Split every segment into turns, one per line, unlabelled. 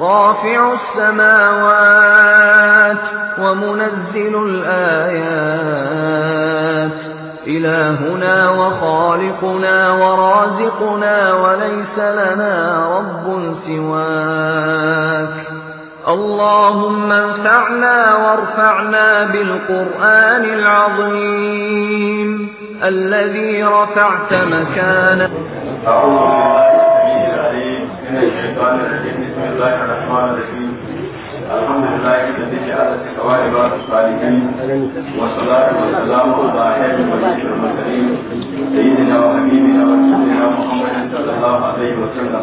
رافع السماوات ومنزل
الآيات إلهنا وخالقنا ورازقنا وليس لنا رب سواك
اللهم انفعنا وارفعنا بالقرآن العظيم الذي رفعت مكانه
أعوذ بالله من الشيطان الرجيم الله الرحمن الرحيم الحمد لله الذي جعل التقوى عباد الصالحين والصلاة والسلام على خير البشر المرسلين سيدنا وحبيبنا ورسولنا محمد صلى الله عليه
وسلم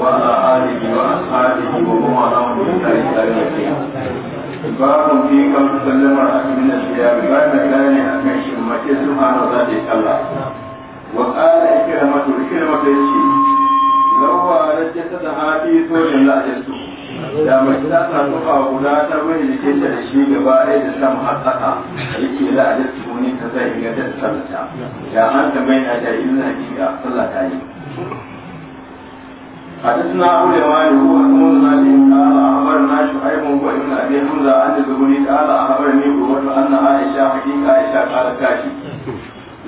وعلى آله وأصحابه ومن والاه بإحسان إلى يوم الدين
باب في كم تسلم من الثياب بعد كان أكشف مكة سبحان ذلك الله وقال إكرمة الكلمة يشيء lawa rajjata da hafi so da da mai ta samu a guda ta mai jikin da shi gaba ɗaya da sama har tsaka yake la'ajatu wani ta zai ga ta sallata da an ta mai na da illa hakika sallata yi حدثنا أبو اليمان هو محمود بن قال أخبرنا شعيب وابن أبي حمزة عن الزهري قال أخبرني قوة أن عائشة حقيقة عائشة قالت كاشي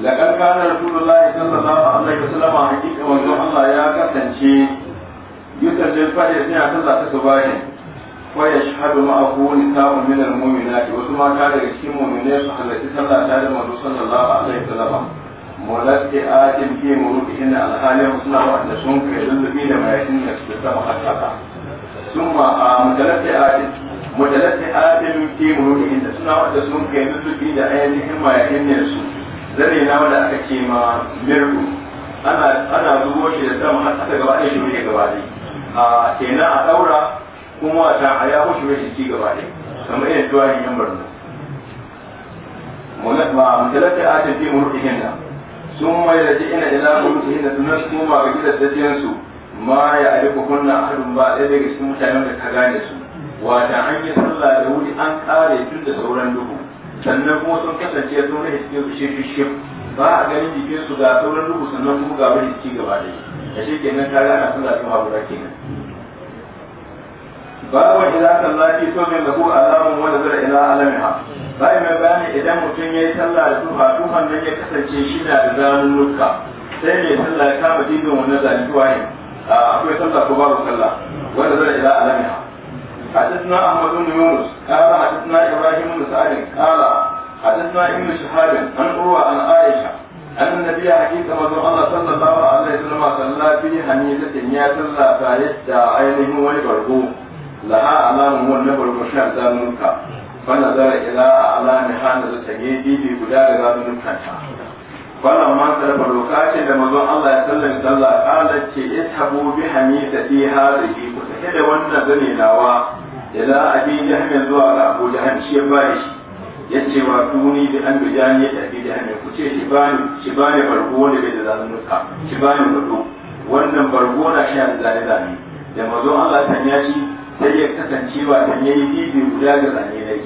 لقد كان رسول الله صلى الله عليه وسلم حقيقة وجو الله يا كسنشي يسجل فجر سنة صلى تسباين ويشهد معه نساء من المؤمنات وثم كان لكي مؤمنات التي صلى الله عليه وسلم mulatti atin fi muruki inna alhalin suna wanda sun kai lullubi da mayakin da su sama hakaka a mutalatti atin mutalatti atin fi suna wanda sun kai da ainihin mayakin zane na wanda aka ce ma mirgu ana zubo shi da sama har aka gaba ɗaya shi gaba ɗaya a kenan a ɗaura kuma wata a ya wuce mai shi gaba ɗaya kamar irin tuwayin yan barno mutalata a tafi murɗihin hinna sun mai da ina ila murɗihin da sunan kuma ga gidan su ma ya ko kunna a ahadun ba ɗaya daga cikin mutanen da ka gane su wata an yi sallah da wuri an kare tun da sauran duhu sannan kuma sun kasance sun rage cikin su shefi shef ba a ganin jikin su ga sauran duhu sannan kuma ga wani jiki gaba da da shi kenan ta gana sun zafi haƙura kenan ba wa ila kan zafi so mai a zamun wanda zara ila alamiha ba mai bayani idan mutum ya yi sallah da duha duhan nan ya kasance shi na da zanunnuka sai mai sallah ya kama dibin wannan ne wahin akwai sallah ko babu sallah wanda zara ila alamiha حدثنا احمد بن يونس قال حدثنا ابراهيم بن سعد قال حدثنا ابن شهاب عن عروه عن عائشه أن النبي حديث رسول الله صلى الله عليه وسلم صلى في حميدة يا صلى فايت عينه ولبرقو لها أمامه ولبرقو شان ذنوكا فنظر إلى أعلامها نظر تجيدي في بلاد ذنوكا فلما سلف الوقات لما الله صلى الله عليه وسلم قال اذهبوا بحميدتي هذه rike da wannan zane nawa a bi jahannam zuwa ga abu jahannam shi ya bayi shi ce wa tuni bi an bijani ya abi jahannam ku ce shi bani shi bani bargo wanda bai da nuka shi bani bargo wannan bargo na shi an zane zane da mazo Allah tan ya shi sai ya kasance ba ta yi bibi guda ga zane ne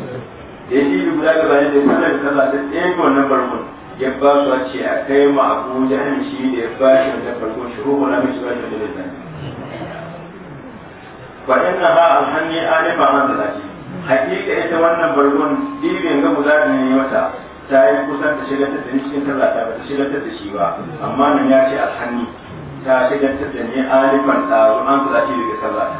da yi bibi guda ga zane da sallar sallah da tsaye wannan bargo ya ba su ce a kai ma abu shi da ya bashi da bargo shi ruhu na ba wannan da zane fa inna ha alhanni ba man da laki hakika ita wannan bargon dibin ga guda ne ya mata ta yi kusan ta shigar da ni cikin tallata ba ta shigar da shi ba amma nan ya ce alhanni ta shigar da ni aliman tsaro an kula shi daga tallata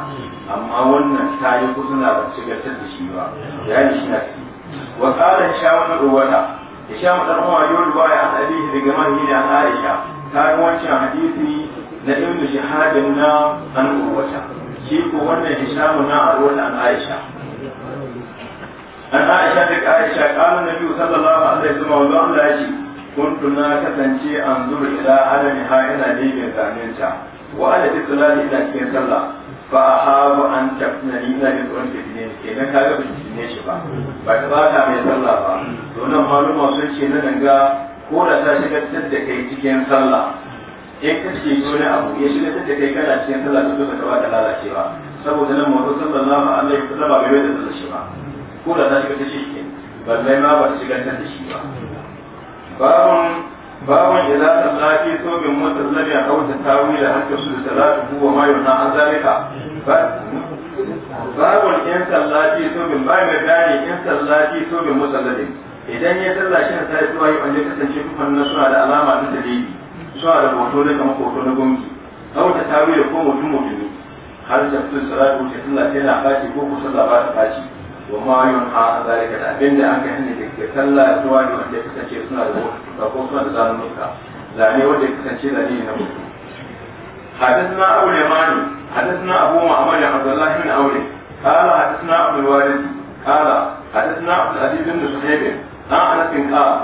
amma wannan ta yi kusan ba ta shigar da shi ba ya yi shi na ciki wa qala shawar ruwata hisham dan umar yau ruwaya an abihi daga mahina aisha ta yi wancan hadisi na ibnu shahadin na an ruwata shi ko wannan hishamu na a wannan aisha an aisha da aisha kana nabi sallallahu alaihi wasallam wanda Allah ya ce kuntu na kasance an zuru ila alani ha ina ne da ta wa ala tisalani da cikin sallah fa hawo an tafna ni da yin tsoron ne, ke na kaga ba ne shi ba ba ta bata mai sallah ba don nan maluma sun ce na danga ko da ta shiga da kai cikin sallah ya kace wani abu ya shiga da kai kana cikin sallah ta duka gaba da ba saboda nan manzo sallallahu alaihi wasallam ba bai da sallah shi ba ko da ta shiga ta shi ke balle ma ba ta shiga ta shi ba babun babun idza sallati a mutallabi aw tatawila hatta su salatu wa ma na an zalika babun in sallati sobin ba mai gane in sallati sobin mutallabi idan ya sallah shi ta yi tuwayi wanda kasance kuma na suna da alama ta dalili suna da hoto ne kamar hoto na gwamnati kawo ta wuya ko mutum ne har da fitin salatu wuce sallah ta yana faci ko kusa da ba ta faci wa ma yun ha ka da abinda an kai da ke sallah da tuwa ne wanda ya kasance suna da hoto ko suna da zanen nuka zane wanda ya kasance da ne na mutum حدثنا أبو اليماني حدثنا أبو محمد عبد الله بن عون قال حدثنا أبو الوالد قال حدثنا عبد العزيز بن صهيب عن أنس قال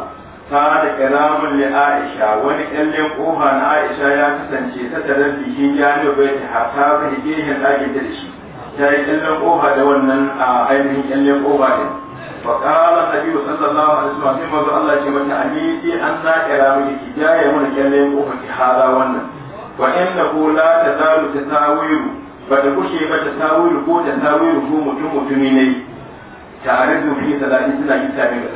kana kalamun li Aisha wani kallon kofa na Aisha ya kasance ta tare da shi jami'a bai ta hata ba hikihin ɗakin da shi ta yi kallon kofa da wannan a ainihin kallon kofa din fa qala nabi sallallahu alaihi wasallam sai manzo Allah ce mata amiti an na kalamu ki jaye mun kallon kofa ki hala wannan wa innahu la tazalu tatawiru ba ta kushe ba ta tawiru ko ta tawiru ko mutum mutumi ne da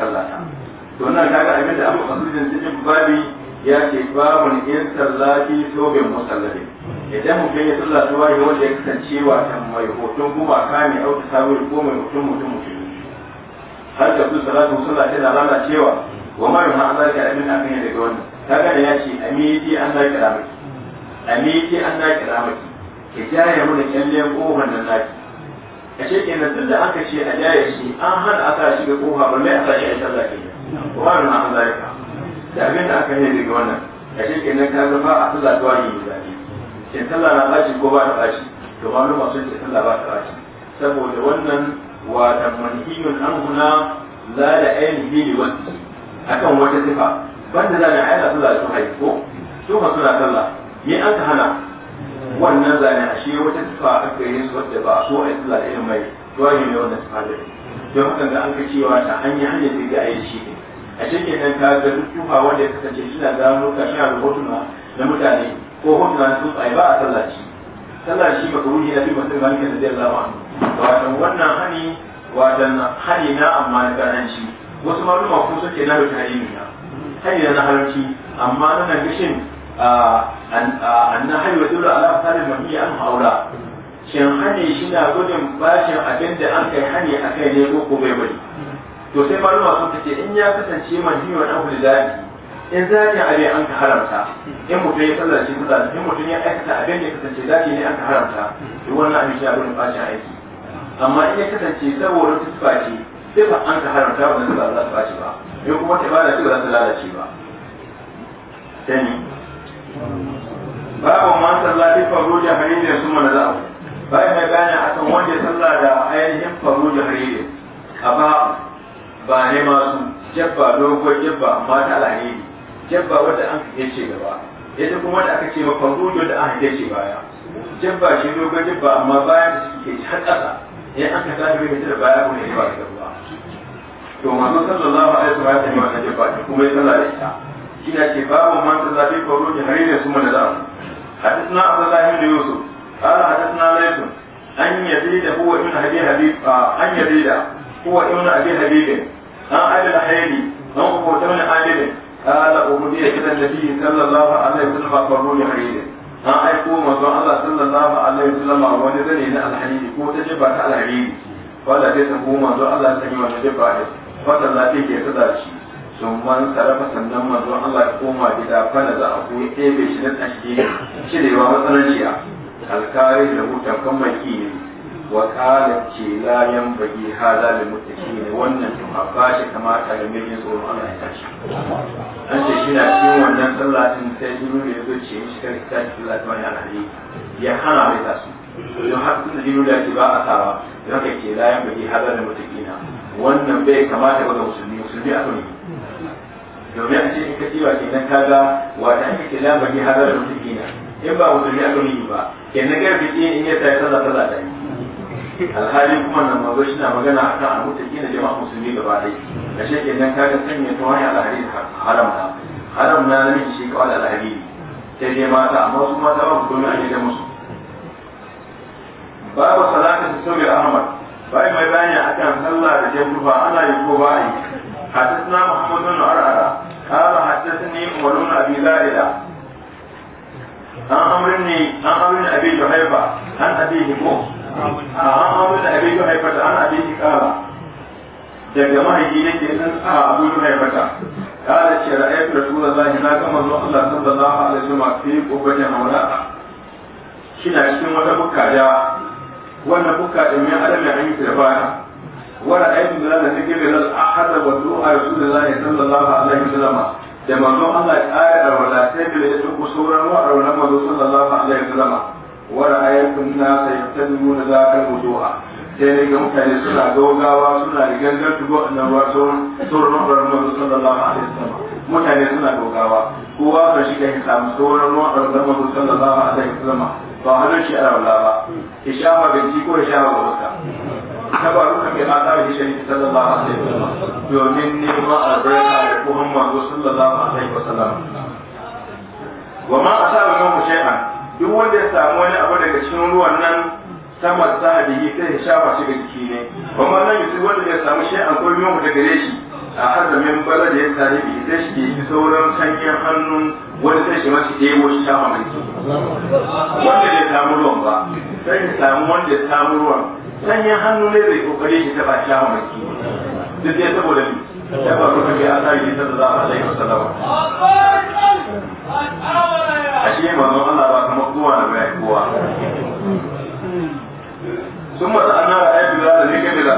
sallata to wannan kaga abin da amma masujin cikin babi ya ce babun in sallati sobin musallabi idan mutum ya salla ta wahi wanda ya kasance wa tan mai hoton gumaka mai auta samun ko mai hoton mutum mutum har da su salatu sallah tana cewa, wa ma yuha an zalika abin da kanya daga wannan kaga da ya ce amiti an zalika ramaki amiti an zalika ramaki ki jaye mana kyalle kofar nan naki a shekin da duk da aka ce a jaye shi an hana aka shiga kofa ba mai aka shi a sallah kenan wa na malaika da abin da aka yi daga wannan a shi kenan ka zama a sallah ta wani misali shin sallah na bashi ko ba ta bashi to malum sun ce sallah ba ta bashi saboda wannan wa da manhiyun an huna la da ainihi ne wani akan wata sifa banda da na aina sallah sun haifu su ma suna sallah me an ka hana wannan zane a shi wata sifa aka yi su wadda ba so a yi sallah da irin mai tuwaye ne wannan sifa da don haka ga an ka cewa ta hanyar hanyar da yi shi ne a cikin nan ka ga duk tufa wanda ya kasance suna gano ka suna da na mutane ko hotuna na tsuntsaye ba a sallaci sallaci ba ka wuri ya fi masu ganin da zai zama watan wannan hani watan hani na amma na karanci wasu maluma ko suke na da tarihi na hani na halarci amma na nan gashin annan hani wa dole ala fasalin mafi an haura shin hani shi na gudun bashin abin da an kai hani a kai ne ko bai bari to sai malama sun ce in ya kasance manhiyo na huli dadi, in zani abin an ka haramta in mutum ya sallar shi kusa in mutum ya aikata abin da ya kasance zaki ne an ka haramta to wannan abin shi abin bacin aiki amma in ya kasance saboda tufa ce sai ba an ka haramta wannan ba za su fashi ba in kuma ta ibada ce ba za ta lalace ba sani babu ma sallah ta faru da hariri sun mana za'a bayan mai bayani akan wanda sallah da ainihin faru da hariri a ba ba ne masu jabba dogon jabba amma ta alheri jabba wadda an kake ce gaba yadda kuma da aka ce ma fangojo da an hake ce baya jabba shi dogon jabba amma baya da suke ci har ƙasa in an ka da bai da baya ko ne ba da ruwa to manzo sallallahu alaihi wa ta ya jabba ta kuma ya sallah da ita shi ne ce babu man ta zafi fangojo har da su mana zamu حدثنا عبد الله بن يوسف قال حدثنا ليث أن يزيد هو ابن أبي حبيب أن يزيد هو ابن أبي حبيب an adil haini an hukuta min adilin قال أهدي إلى النبي صلى الله عليه وسلم قبول حرير an aiko manzon Allah sallallahu alaihi wasallam wani zane na alhari ko ta jibba ta alhari wanda zai tafi Allah ta yi wani jibba ne wanda lafi ke sun man sarrafa sannan Allah ya koma gida fana za a koyi ɗebe shi na tashi cirewa matsalar alkari da hutan kan mai ne wa qala ce la yanbaghi hada lil muttaqin wannan to a bashi kamata ga mai tsoron Allah ya tashi an ce shi na cikin wannan sallah din sai jibril ya zo ce shi kan ta cikin Allah ta hali ya hana mai tasu don har tun da jibril ba a sawa don haka ce la yanbaghi hada lil muttaqin wannan bai kamata ga musulmi musulmi a kan domin an ce in ka tsiba kenan wata an ce la yanbaghi hada lil muttaqin in ba a kan ba kenan garbi in ya sai sallah sallah ta alhali kuma nan mazo shi na magana a kan almutaki na jama'a musulmi gaba ɗaya a shi kenan kaga sanya ta wani alhari haram na haram na namiji shi kawai alhari Ta je mata amma su mata ba su domin a gida musu babu salatu ta sauri ahmad bai mai bayani akan sallah da jabrufa ana yi ko ba yi حدثنا محمد بن عرعرة قال حدثني عمر بن ابي لائلة عن عمرو بن ابي جحيفة an ابيه موسى da abin عامل أبي جهيفة عن أبي قال daga mahaifi yake san a abin abu juhaifata kala ce ra'ayat rasulullahi na ga manzon Allah sallallahu alaihi wasallam wani kokarin Shi na cikin wata bukka da wannan bukka da mai adam ya yi da baya wa ra'ayat bilal da take bilal ahada wa du'a rasulullahi sallallahu alaihi wasallam da manzon Allah ya ayar wala sai da ya tuku sauran wa arwana manzon sallallahu alaihi wasallam ورأيتم الناس يتبعون ذاك الوجوه sai ne ga mutane suna gaugawa suna da gangar tubo annan ruwa sauran sauran ruwan mazu sallallahu alaihi wasallam mutane suna gaugawa kowa ba shi kai samu sauran ruwan ruwan mazu sallallahu alaihi ba hannun a rawla ba ya shafa binci ko ya shafa wata ta ba ruka ke ba domin neman albarka da kuma mazu sallallahu alaihi wasallam wa ma asaba min shay'an duk wanda ya samu wani abu daga cikin ruwan nan sama ta bihi sai ya shafa shi ga jiki ne kuma nan yusuf wanda ya samu shi an koyi mu daga shi a hada min bala da ya tare bi sai shi ke sauran sanyin hannu wani sai shi da yawo shi shafa mai wanda ya samu ruwan ba sai ya samu wanda ya samu ruwan sanyin hannu ne bai kokare shi ta ba shafa mai duk dai saboda ni ya ba ruwan ya ta yi da za a sai alaihi
wasallam ashe manzo Allah ba
kamar kowa na bai kowa sun mata an ya ayi bila da nake bila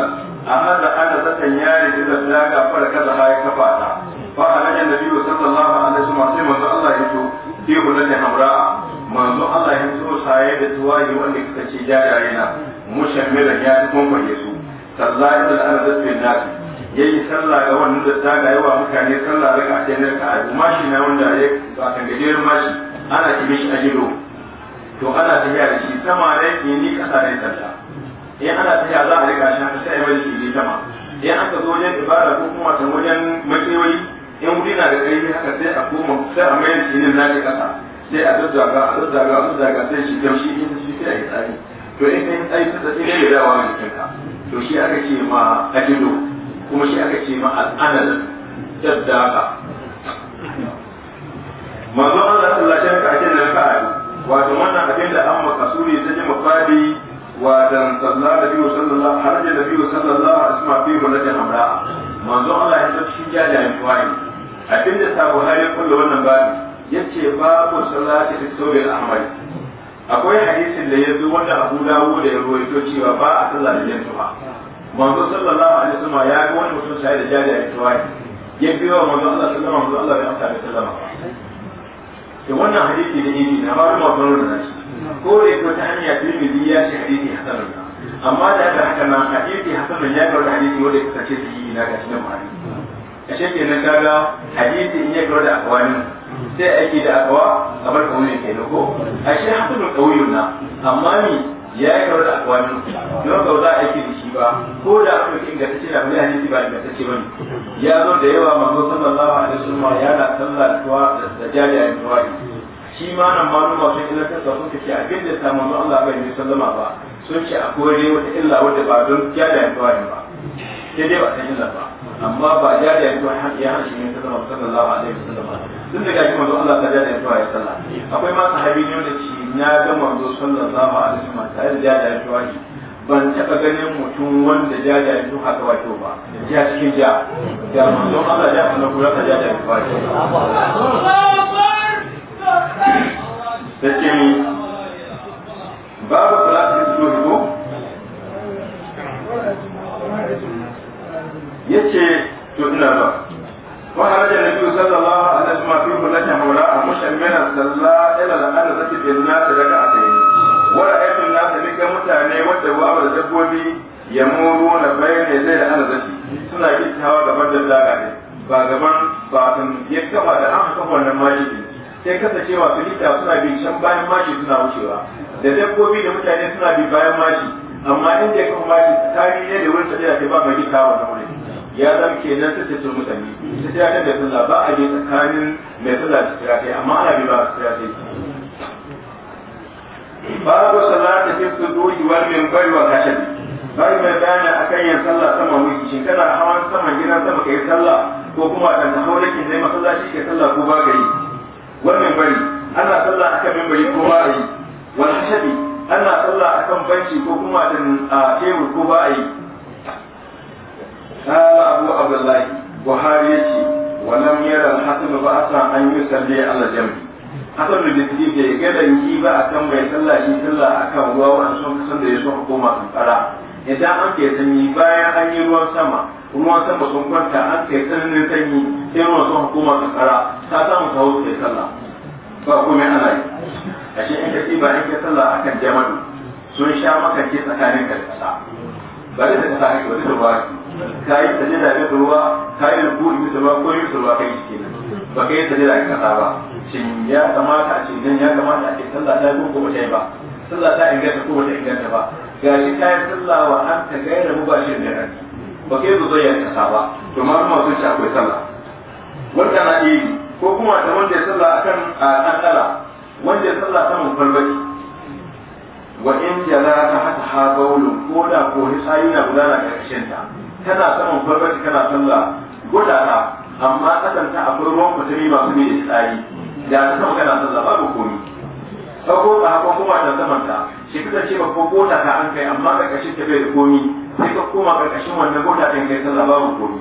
amma da ana zakan yare da da ga fara kaza ha ya kafa ta ba a fa halaja nabi sallallahu alaihi wasallam sai manzo Allah ya to fi hulatin hamra'a manzo Allah ya so saye da tuwaye wanda kika ce jajaye na mushammilan ya fi tukunkuye su sallahi da ana zakan nasi yayi sallah ga wannan da ta ga yawa mutane sallah raka ka a ka mashi na wanda ya ba kan gajeren mashi ana kimi shi ajiro to ana tafiya da shi sama ne ke ni kasa ne sallah in ana tafiya za a riga shi haka sai mai shi ne sama in ka zo wajen ibada ko kuma ta wajen makewayi in wuri na da ƙarfi haka sai a koma sai a mayar shi ne na ka kasa sai a zazzaga a zazzaga a zazzaga sai shi shi in shi sai a yi tsari to in kai tsari ta tsari ne da dawa jikinka to shi aka ce ma ajiro kuma shi aka ce ma al'anan daddaka manzo Allah sallallahu alaihi wasallam ka ce ka wato wannan abin da an makasuri ta ji mafadi wa dan sallallahu alaihi wasallam haraja nabi sallallahu alaihi wasallam fi bulatin amra manzo Allah ya tafi shi ya da alfari abin da sabu hari kullu wannan babu yace babu salati fi sawil ahmad akwai hadisin da ya wanda Abu Dawud da ya rawaito cewa ba a sallah da yantuha manzo sallallahu alaihi wasallam ya ga wani mutum sai da jariya ya tawaye ya biyo manzo Allah sallallahu alaihi wasallam ya amsa da sallama to wannan hadisi da yake na ba mu tsoro da shi ko da ko ta hanya tirmidhi ya shi hadisi hasan amma da haka haka na hadisi hasan ya ga hadisi wanda ya kace shi na ga cikin buhari ashe kenan kaga hadisi in ya ga da akwani sai aiki da akwa a barka wani kenan ko ashe hasan da kauyuna amma ni ya yi kawar da akwani don ba za a yi da shi ba ko da akwai ingantacce da mai hadisi ba ingantacce ba ne ya zo da yawa manzo sallallahu alaihi wasallam ya na sallah da da jari a tuwari shi ma nan maluma sun ilantar da sun kace abin da sa manzo Allah bai yi sallama ba sun ce akwai dai wata illa wadda ba don jari a tuwari ba sai dai ba san illa ba amma ba jari a tuwari har ya hanci ne sallama sallallahu alaihi wasallam tun daga shi manzo Allah ta jari a tuwari sallah akwai ma sahabi ne wanda shi na ga manzo sallallahu alaihi sallam tare da jajayen tuwashi ban taba ganin mutum wanda jajayen tuwa haka wato ba ya cikin ja ya manzo Allah ya kana kula da da tuwashi take ni babu da zuhri ko yace to ina ba وخرج النبي biyu الله عليه وسلم في حلة مولاه مشملا صلى إلى الأنزة في الناس ركعتين ورأيت الناس بك متعني والدواء والدبوبي يمرون بين يدي الأنزة سنة جدها وقبل اللاغة ba gaban ba sun yi kama da an haka wannan majigi sai kasancewa filita suna bi can bayan maji suna wucewa da dabbobi da mutane suna bi bayan maji amma inda ya kama maji tarihi ne da wurin tafiya ke ba mai gita wannan wurin ya zama kenan ta ce turmuta ne ita ta mai sallah ba a yi tsakanin mai sallah da siratai amma ana bi ba siratai babu salata fi suduri wal minbari wal hashab bai mai bayani kan yin sallah sama wuce shin kana hawan sama gidan sama yi sallah ko kuma a dan zai masu masallaci ke sallah ko ba gari wal bari ana sallah a akan bari ko ba yi Wani hashab ana sallah akan banci ko kuma a tebur ko ba yi abdullahi buhari ya ce wannan yara hasan ba a san an yi salli ala jami hasan da biski bai ga yi ba a kan bai sallah shi sallah kan ruwa wa sun kasan da ya so koma sun fara idan an ke sanyi bayan an yi ruwan sama ruwan sama sun kwanta an ke sanyi sanyi sai ruwan sun koma sun fara ta samu ta wuce sai sallah ba komai ana yi ashe in ka ba in ka sallah kan jama'a sun sha maka ke tsakanin ka da kasa ba da ta kasa ake ba da ruwa ka yi da ga ruwa ka yi rubutu bisa ruwa ko yi ruwa kai kenan ba ka yi da ga kasa ba shin ya kamata a ce nan ya kamata a ce sallah ta ko ba ta yi ba sallah ta inganta ko ba ta inganta ba ga shi ka yi sallah wa an ta gaira mubashin da rani ba ka yi zo ya kasa ba to ma kuma sun ci akwai sallah wanda na iya ko kuma ta wanda ya sallah akan a kala wanda ya sallah ta mun farbaki wa in jala ta hata ha baulun ko da ko ni na gudana karkashin ta tana saman farbaci kana sallah gudana amma kasan ta akwai ruwan mutumi masu da tsari da ta sama kana sallah babu komi sako ba haka kuma da saman ta shi kuka ce ba ko goda ka an kai amma karkashin ta bai da komi sai ka koma karkashin wannan gudana ta kai sallah babu komi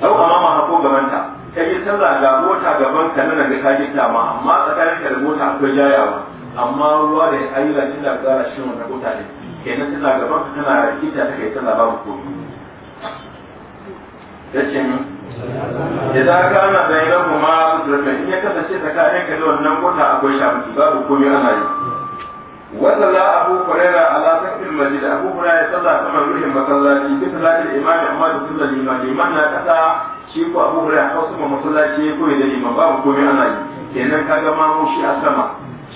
au amma ma hako gaban ta ka yi sallah ga mota gaban ka nan da kaji ma, amma tsakanin ka da mota akwai jayawa amma ruwa da ayyuka da kara shi wannan gudana kenan tana gaban ka tana kita ta kai tana babu komi yace ni idan ka ana da ina kuma in ya kasance tsakanin ka da wannan gona akwai shafi babu komi ana yi wanda la abu kurera ala sakin da abu kurera ya sallah kama ruhin masallaci bi salatin imami amma da sunna liman liman na kasa shi ko abu kurera ko kuma masallaci ko da liman babu komi ana yi kenan kaga ma mu shi a sama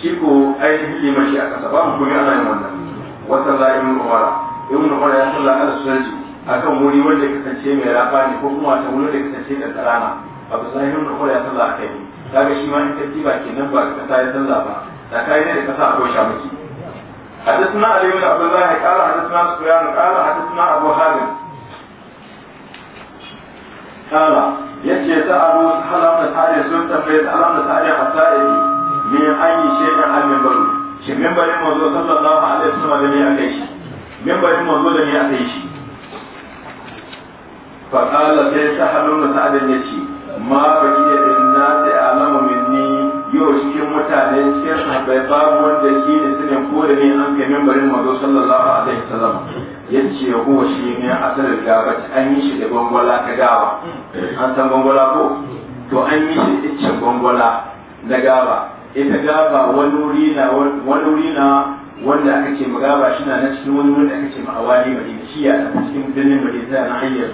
shi ko ainihin liman shi a kasa babu komi ana yin wannan wa ibn umar ibn umar ya sallah ala suraji akan wuri wanda kasance mai rafa ne ko kuma ta wuri da kasance da karana abu sai ibn umar ya sallah akai kaga shi ma in tartiba kenan ba ka ta ya ba da kai ne da kasa a dosha miki حدثنا علي بن عبد الله قال حدثنا سفيان قال حدثنا ابو حازم قال yace ta abu halam da tare sun tafi da alam da tare a tare min ayi shay'in shi membarin manzo sallallahu alaihi wasallam da ne aka yi shi membarin manzo da ne aka yi shi fa qala sai sahalun da sa'adin ci, ma baqiya lin nasi alamu minni yau cikin mutane cikin sahabbai babu wanda shi ne sanin ko da ne an kai membarin manzo sallallahu alaihi wasallam yace ya huwa shi ne asalin Gabata, an yi shi da gwangwala ta gawa an san gwangwala ko to an yi shi da gwangwala na gaba ita gaba wani wuri na wani wuri na wanda aka ce magaba shi na na cikin wani wanda aka ce ma'awali madina shi ya na cikin birnin madina na hanyar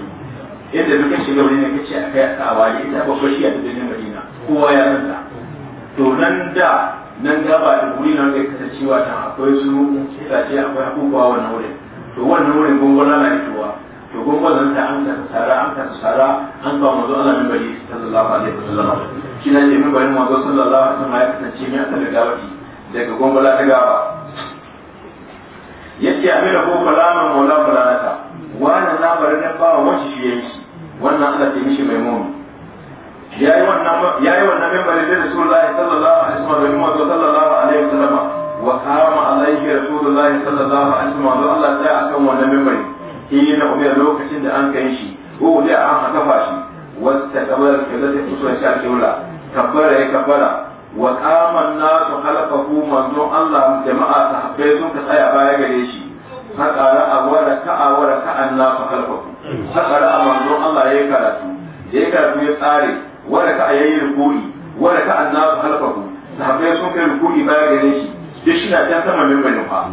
yadda muka shiga wani na kace a kai a awali ita babbar shi ya da birnin madina kowa ya san ta to nan da nan gaba da wuri na kai kasancewa ta akwai su ce akwai abubuwa wannan wurin to wannan wurin gongona na fitowa to gobe nan ta an ka tsara an ka tsara an ba manzo Allah min bari sallallahu alaihi wasallam shi ne ne min bari zuwa sallallahu alaihi wasallam ya kasance mai asali gawati daga gombala ta gawa yace amira ko kalama maula balanata wannan na bari ne ba wani shi yayi wannan Allah ya mishi mai mu'min yayi wannan yayi wannan min bari da sallallahu alaihi wasallam manzo sallallahu alaihi wasallam wa kama alaihi rasulullahi sallallahu alaihi wasallam Allah ta akan wannan min hili na umar lokacin da an kai shi ko wani an haka fashi wasta ke kaza ta shi a kula kabbara ya kabbara wa qaman nasu halafahu manzo Allah jama'a haɓe sun ka tsaya baya gare shi haƙara a wara ka'a wara ka'an nasu halafahu haƙara a manzon Allah ya karatu ya karatu ya tsare wara ka'a yayi rukuni wara ka'an nasu ta haɓe sun kai rukuri baya gare shi duk shi na ta sama min ba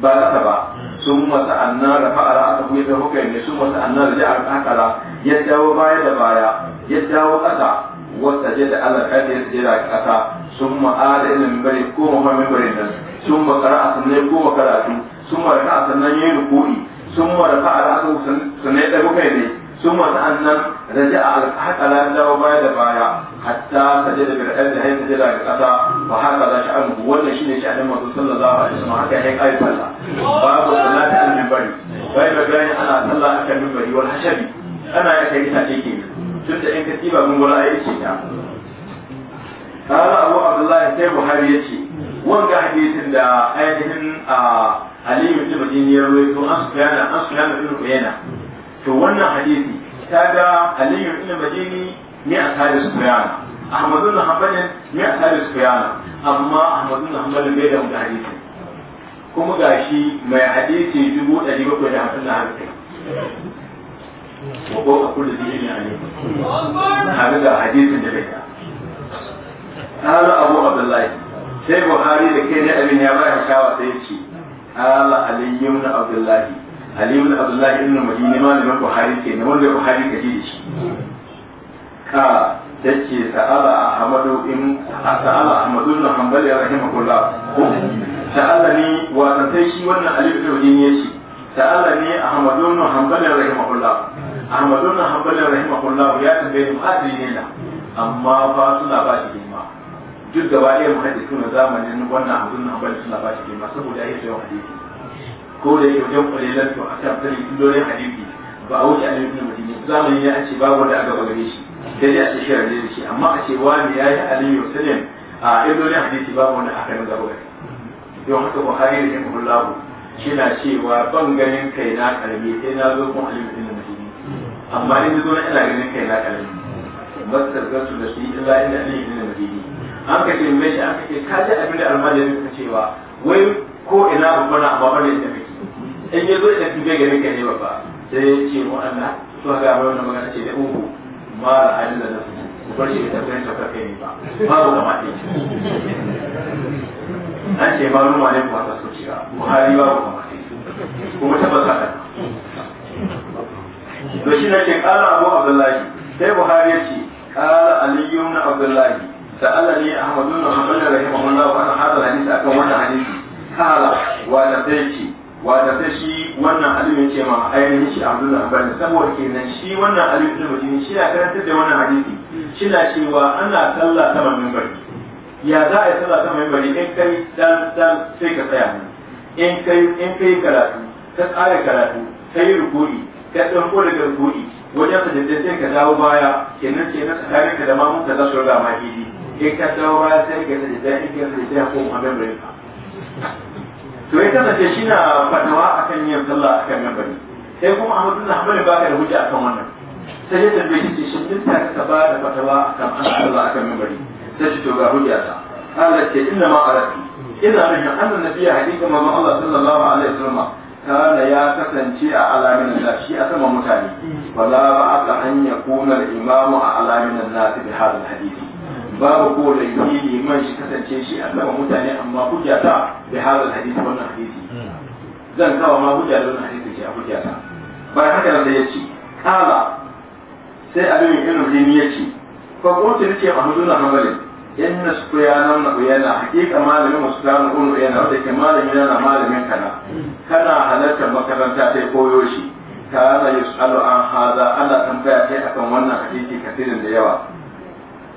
ba ba sun masa anna da fa'ara aka kuma ta hukai ne sun masa anna da ja'ar takara ya dawo baya da baya ya dawo ƙasa wata je da Allah kai da tsira ƙasa sun ma ma'ada ilin bari ko ma mimbarin nan sun ma kara sannan ko ma karatu sun ma raka sannan yin ruku'i sun ma raka ala aka sannan ya dago kai ne ثم أن رجع حتى لا وما يدفع حتى سجد بالأرض هي سجد القصى وهكذا شأنه ولا شيء شأن النبي صلى الله عليه وسلم حكى هيك أي صلاة باب صلاة المنبر وإذا كان أنا صلى أكل المنبر والحشبي أنا يكيد تأتيكي شفت إن كتيبة من وراء أي شيء قال أبو عبد الله سيب حبيتي wanga hadisin da ainihin aliyu tibadin ya ruwaito an su yana an su yana to wannan hadisi ta ga aliyu ibn madini ne a tare su bayana ahmadu ibn hanbal ne a tare su bayana amma ahmadu ibn hanbal bai da wanda hadisi kuma gashi mai hadisi dubu ɗari bakwai da hamsin na hadisi wa ko a kullu zai ne a tare da hadisin da bai
da قال أبو عبد الله
سيد بخاري لكي نأبي نعمة حكاوة sai ce علي Aliyu na Abdullahi. Ali ibn Abdullah ibn ne ma da Buhari ke ne wanda Buhari ka ji shi ka dace sa'ala Ahmadu in sa'ala Ahmadu ibn Hanbal ya rahimahullah sa'ala ni wa sai shi wannan Ali ibn Madini ya ce sa'ala ni Ahmadu ibn Hanbal ya rahimahullah Ahmadu ibn Hanbal ya rahimahullah ya tambaye muhadiri ne na amma ba su na ba shi girma duk gaba ɗaya muhadisi na zamanin wannan Ahmadu ibn Hanbal suna ba shi girma saboda ya yi hadisi ko da yake wajen kwalilan to a kan tare illolin hadisi ba a wuce annabi ibn madini zamani ya ce babu wanda aka bagare shi sai dai a ce shirar da shi amma a ce wa ne ya yi aliyu salim a illolin hadisi babu wanda aka nuna bagare don haka buhari da rahimahullahu shi na cewa ban ganin kai na karami sai na zo kun aliyu ibn madini amma in zo na ina ganin kai na karami masar gasu da shi illa inda aliyu ibn madini an ka ce mai shi an ka ce ka ji abin da almajiri ka cewa wai ko ina ba mana amma bane da muke in ya zo idan tube gare ka ba sai ya ce mu Allah to ga mai wannan magana ce da uhu ma ra'ayna da su bar shi da kai ta kai ne ba babu kama
an ce ma ruwa ne kuma ta su ciya buhari babu kama ɗin kuma tabbata da
to shi na ce kala abu abdullahi sai buhari ya ce kala aliyu na abdullahi sa'alani ahmadu na muhammadu rahimahullahu an hada hadisi akan wannan hadisi kala wa da sai ce wata ta shi wannan alimin ce ma ainihin shi abdullah bani saboda kenan shi wannan alimin da mutum shi na karantar da wannan hadisi shi na cewa ana sallah sama mimbari ya za a yi sallah sama mimbari in kai dan dan sai ka tsaya in kai in kai karatu ka tsara karatu yi rukuri ka dan ko daga rukuri wajen sajadda sai ka dawo baya kenan kenan tsakanin ka da mamun ka za su riga ma in ka dawo baya sai ka sajadda in ka sajadda ko ma mimbari ka to ya kasance shi na fatawa akan yin sallah akan mimbari sai kuma Ahmadu na Hanbal ba ka da hujja akan wannan sai ya tambaye shi shin din ta ka ba da fatawa akan an sallah akan mimbari sai shi to ga hujja ta Allah ce inna ma arati ina nufin annan nabiyya hakika manzon Allah sallallahu alaihi wasallam kana ya kasance a alamin da shi a saman mutane wala ba aka hanya kuna imamu a alamin da na fi hadisi babu ko laifi man shi kasance shi a sama mutane amma hujja ta da hadal hadisi wannan hadisi zan kawo ma hujja da wannan hadisi ce a hujja ta bayan haka da ya ce kala sai abin ibn jini ya ce fa kuntu nake mahduna hanbalin na su ya nan na uyana hakika malamin wasu ta na unu uyana wanda ke malamin yana malamin kana kana halartar makaranta sai koyo shi kana yus'alu an hada ana tambaya sai akan wannan hadisi kafin da yawa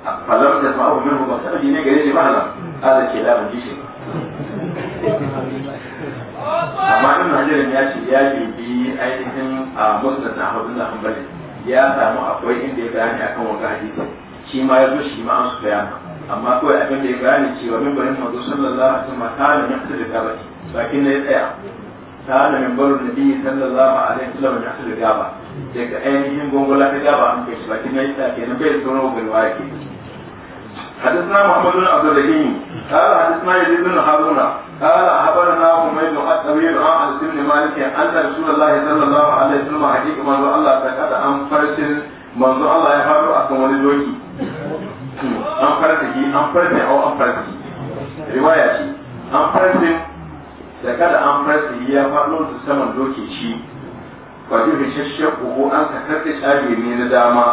falam da fa'u min ba sai ne gare ni mahala Allah ke da mun shi amma ibn hajar ya ce ya bibi ainihin a musnad na Ahmad bin Hanbal ya samu akwai inda ya gane akan wannan hadisi shi ma ya zo shi ma an suka yana. amma kawai abin da ya gane cewa min barin manzo sallallahu alaihi wasallam kana yaqtul gabati bakin ne ya tsaya kana min barin nabi sallallahu alaihi wasallam yaqtul gabati jika engine gonggola tidak apa ke selagi naik ke nabe sono berwaiki hadisna muhammad bin na rahim qala hadisna yazid bin haruna qala habarna umay bin athawi ra al sibn malik anna rasulullah sallallahu alaihi wasallam hakika man allah ta taqada am farsin man allah ya haru akmani doki am farsi am farsi aw am farsi riwaya ci an farsi da kada am farsi ya fadlo su saman doki ci wajen rishashen kuhu an ka karɗe tsari ne na dama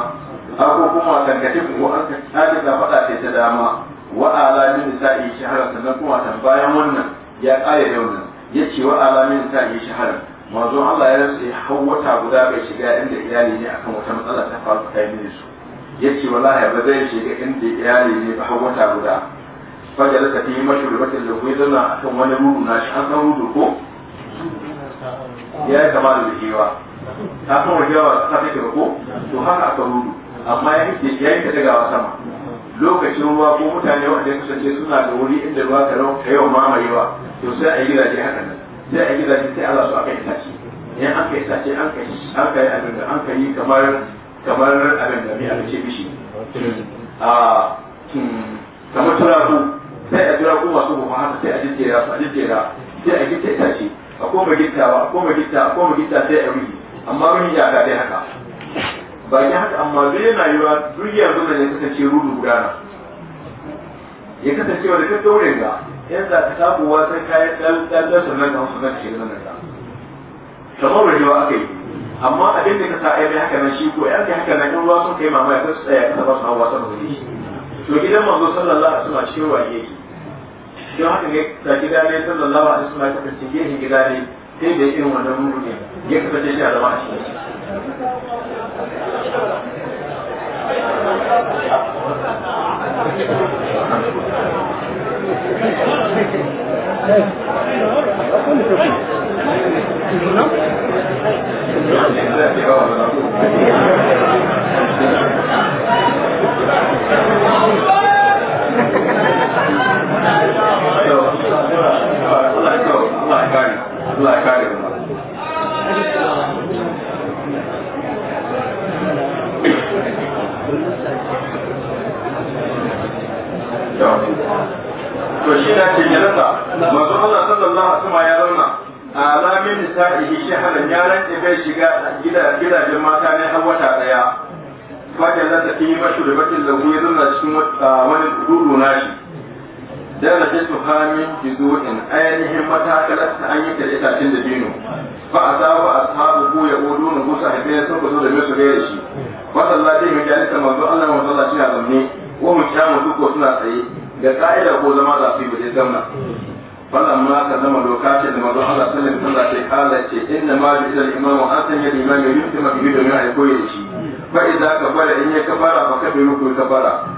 ko kuma tankace kuhu an ka tsari da faɗa ce ta dama wa ala min yi shahara sannan kuma tambayan wannan ya ƙare yau nan, ya ce wa ala min yi shahara manzon Allah ya rantsa ya hau wata guda bai shiga inda iyali ne akan wata matsala ta faru tsakanin su ya ce wallahi ba zai shiga inda iyali ne ba hau wata guda fajar ta fi mashurbatin da kuwa zana akan wani rudu na shi an san rudu ko ya yi kama da hiwa ta san waje ta ta take ko to haka aka rudu amma ya rike ya yi ta wa sama lokacin ruwa ko mutane wanda ya kasance suna da wuri inda ruwa ka rau ka yawan mamayewa to sai a yi gidaje haka nan sai a yi gidaje sai Allah su aka yi tashi in an yi tashi an ka an kai abin da an yi kamar kamar abin da mai a ce bishi a kamar turaku sai a turaku masu kuma haka sai a jijjera su a jijjera sai a gitta itace a koma gittawa a koma gitta a koma gitta sai a wuri amma mun yi ga dai haka ba ya haka amma duk yana yiwa duk zo da ya kasance rudu gudana ya kasance wanda ka daurin ga yan za ka tabo wa sai ka yi dan dan da sannan nan musu kanka shiga nan da kamar rajewa aka yi amma abin da ka sa ai mai haka nan shi ko yan da haka nan in ruwa sun kai mamaya ka tsaya ka ba su hawa sama da shi to gidan manzo sallallahu alaihi wasallam cikin waye yake don haka ne ta gida ne sallallahu alaihi wasallam ta kasance gehin ne sai da irin wannan murni ya kasance shi a zama a
cikin Thank you. Allah ya kare mu to shi na ce ya rasa masu
Allah sallallahu alaihi wasallam ya rasa alamin nisa'ihi shahadan ya rantsa bai shiga gidajen mata ne har wata ɗaya. fadin da ta yi mashi da bakin zango ya zanna cikin wani dudu na shi daraja su hamin in ainihin matakalar ta an yi kare itacen da dino fa a zawo a sahabu ko ya wudu na gusa haife ya sun kusa da mai su gaya shi masallaci mai jalisa manzo allah masallaci na zamne ko mu kya mu duko suna tsaye da ka'ida ko zama za su yi bude zamna falan ma ka zama doka ce da manzo allah sallallahu alaihi wasallam ya kala ce inna ma bi ilal imamu an ya imamu yusuf ma bi domin a koyi da shi fa idza kabara in ya kabara fa kabiru ka kabara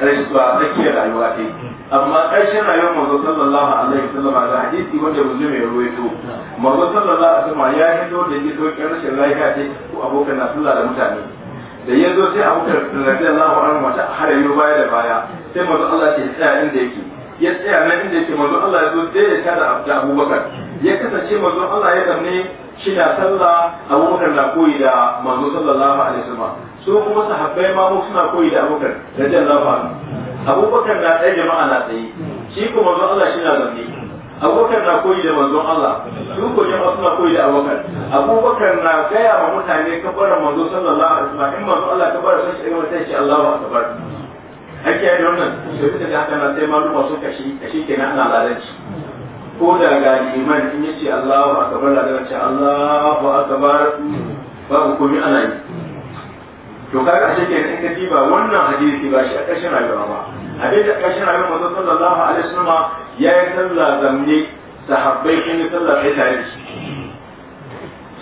zuwa tsakiyar rayuwa ce amma ƙarshen rayuwar mazo sallallahu alaihi wasallam da hadisi wanda yanzu mai ruwaito mazo sallallahu alaihi wasallam ya hito da ji sauƙin rashin lafiya ce ko abokan na sallah da mutane da ya zo sai abokan radiyallahu anhu wata harayu baya da baya sai mazo Allah ce tsaya inda yake ya tsaya nan inda yake mazo Allah ya zo daidaita da abubakar ya kasance mazo Allah ya danne shi na sallah abubakar na koyi da mazo sallallahu alaihi wasallam su kuma sahabbai ma mu suna koyi da abubakar da jan lafa abubakar na ɗaya jama'a na tsaye shi ko manzon Allah shi na zanne abubakar na koyi da manzon Allah su ko jama'a suna koyi da abubakar abubakar na gaya ma mutane kabarin manzo sallallahu alaihi wasallam in manzo Allah kabarin sai shi wata shi Allahu akbar ake yi wannan sai kuka da haka na sai maluma sun kashi kashi kenan ana lalanci ko da ga liman in yace Allahu akbar da ce Allahu akbar babu komai ana yi to kaga ashe ke in ka diba wannan hadisi ba shi a ƙarshen rayuwa ba hadisi a ƙarshen rayuwa manzo sallallahu alaihi wasallam ya yi sallah zamne sahabbai sun yi sallah sai tare da shi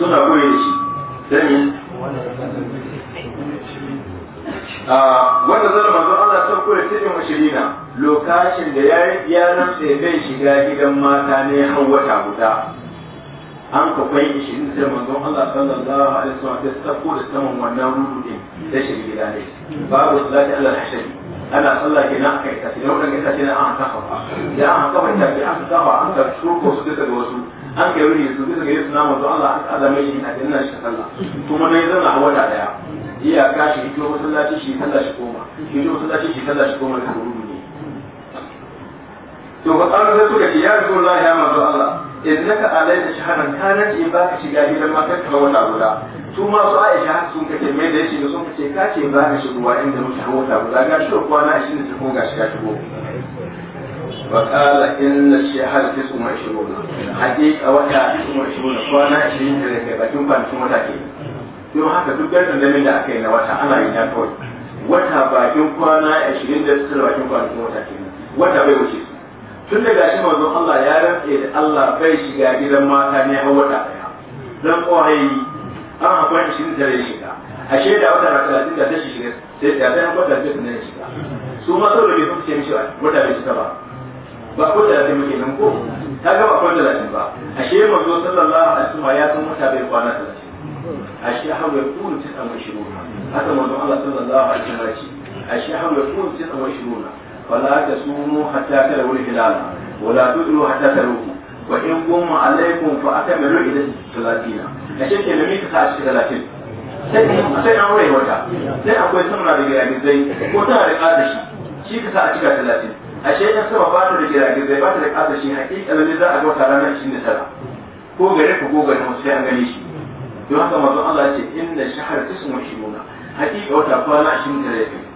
suna koyi da shi sai mi a wanda zai manzo Allah sun koyi sai in mashirina lokacin da ya yi yaran sai bai shiga gidan mata ne hawata guda an ka kwai ishirin sai manzon Allah sallallahu alaihi wasallam sai sako da saman wannan rudu din da shi gida ne babu salati Allah hashari ana sallah ke nan kai tafi nan kan tafi nan an kafa ya an kafa tafi an kafa an ka shuko su duka da wasu an kai wuri su duka ga yesu namu to Allah an azame shi a dinnan shi sallah kuma ne zan a wata daya iya ka shi hito masallaci shi sallah shi koma hito masallaci shi sallah shi koma da wuri ne to ba an sai suka ce ya rasulullahi ya manzo Allah innaka alayka shaharan kana ce ba ka shiga gidan matar ka wata guda su ma su Aisha har sun kace mai da yace da sun kace ka ce ba ka shigowa inda muke wata guda ga shi ko na shi ne ta ga shi ka shigo wa qala inna shahar tisu ma shigo na haqiqa wata tisu ma shigo kwana 20 da kai bakin kwantin wata ke don haka duk garin da da aka yi na wata ana yi na kawai wata bakin kwana 20 da su bakin kwantin wata ke wata bai wuce tun daga shi manzon Allah ya rantse da Allah bai shiga gidan mata ne a wata daya dan kwaye an akwai shi da zai shiga ashe da wata talatin da ta shiga sai da sai an kwata da ne shiga su ma sau da bai shi mishi wata bai shiga ba ba ko da sai muke nan ko ta ga ba kwanta da ba ashe manzon sallallahu alaihi wasallam ya san wata bai kwana da shi ashe har ya kunu tisan mashiruna haka manzon Allah sallallahu alaihi wasallam ya ce ashe har ya kunu tisan mashiruna فلا تصوموا حتى تروا الهلال ولا تدلوا حتى تروه وإن قم عليكم فأكملوا إلى ثلاثين أشياء كلمة تسعة ثلاثين sai an rai wata sai akwai samuna da giragizai ko tana da ƙasa shi ka sa a cika talatin a shekar sama ba da giragizai ba ta da ƙasa shi hakika za a ga wata ranar ishirin da tara ko gare ku ko gare mu sai shi don haka mazu Allah ce inda shahar tisin wa shi nuna hakika wata kwana ishirin da tara ya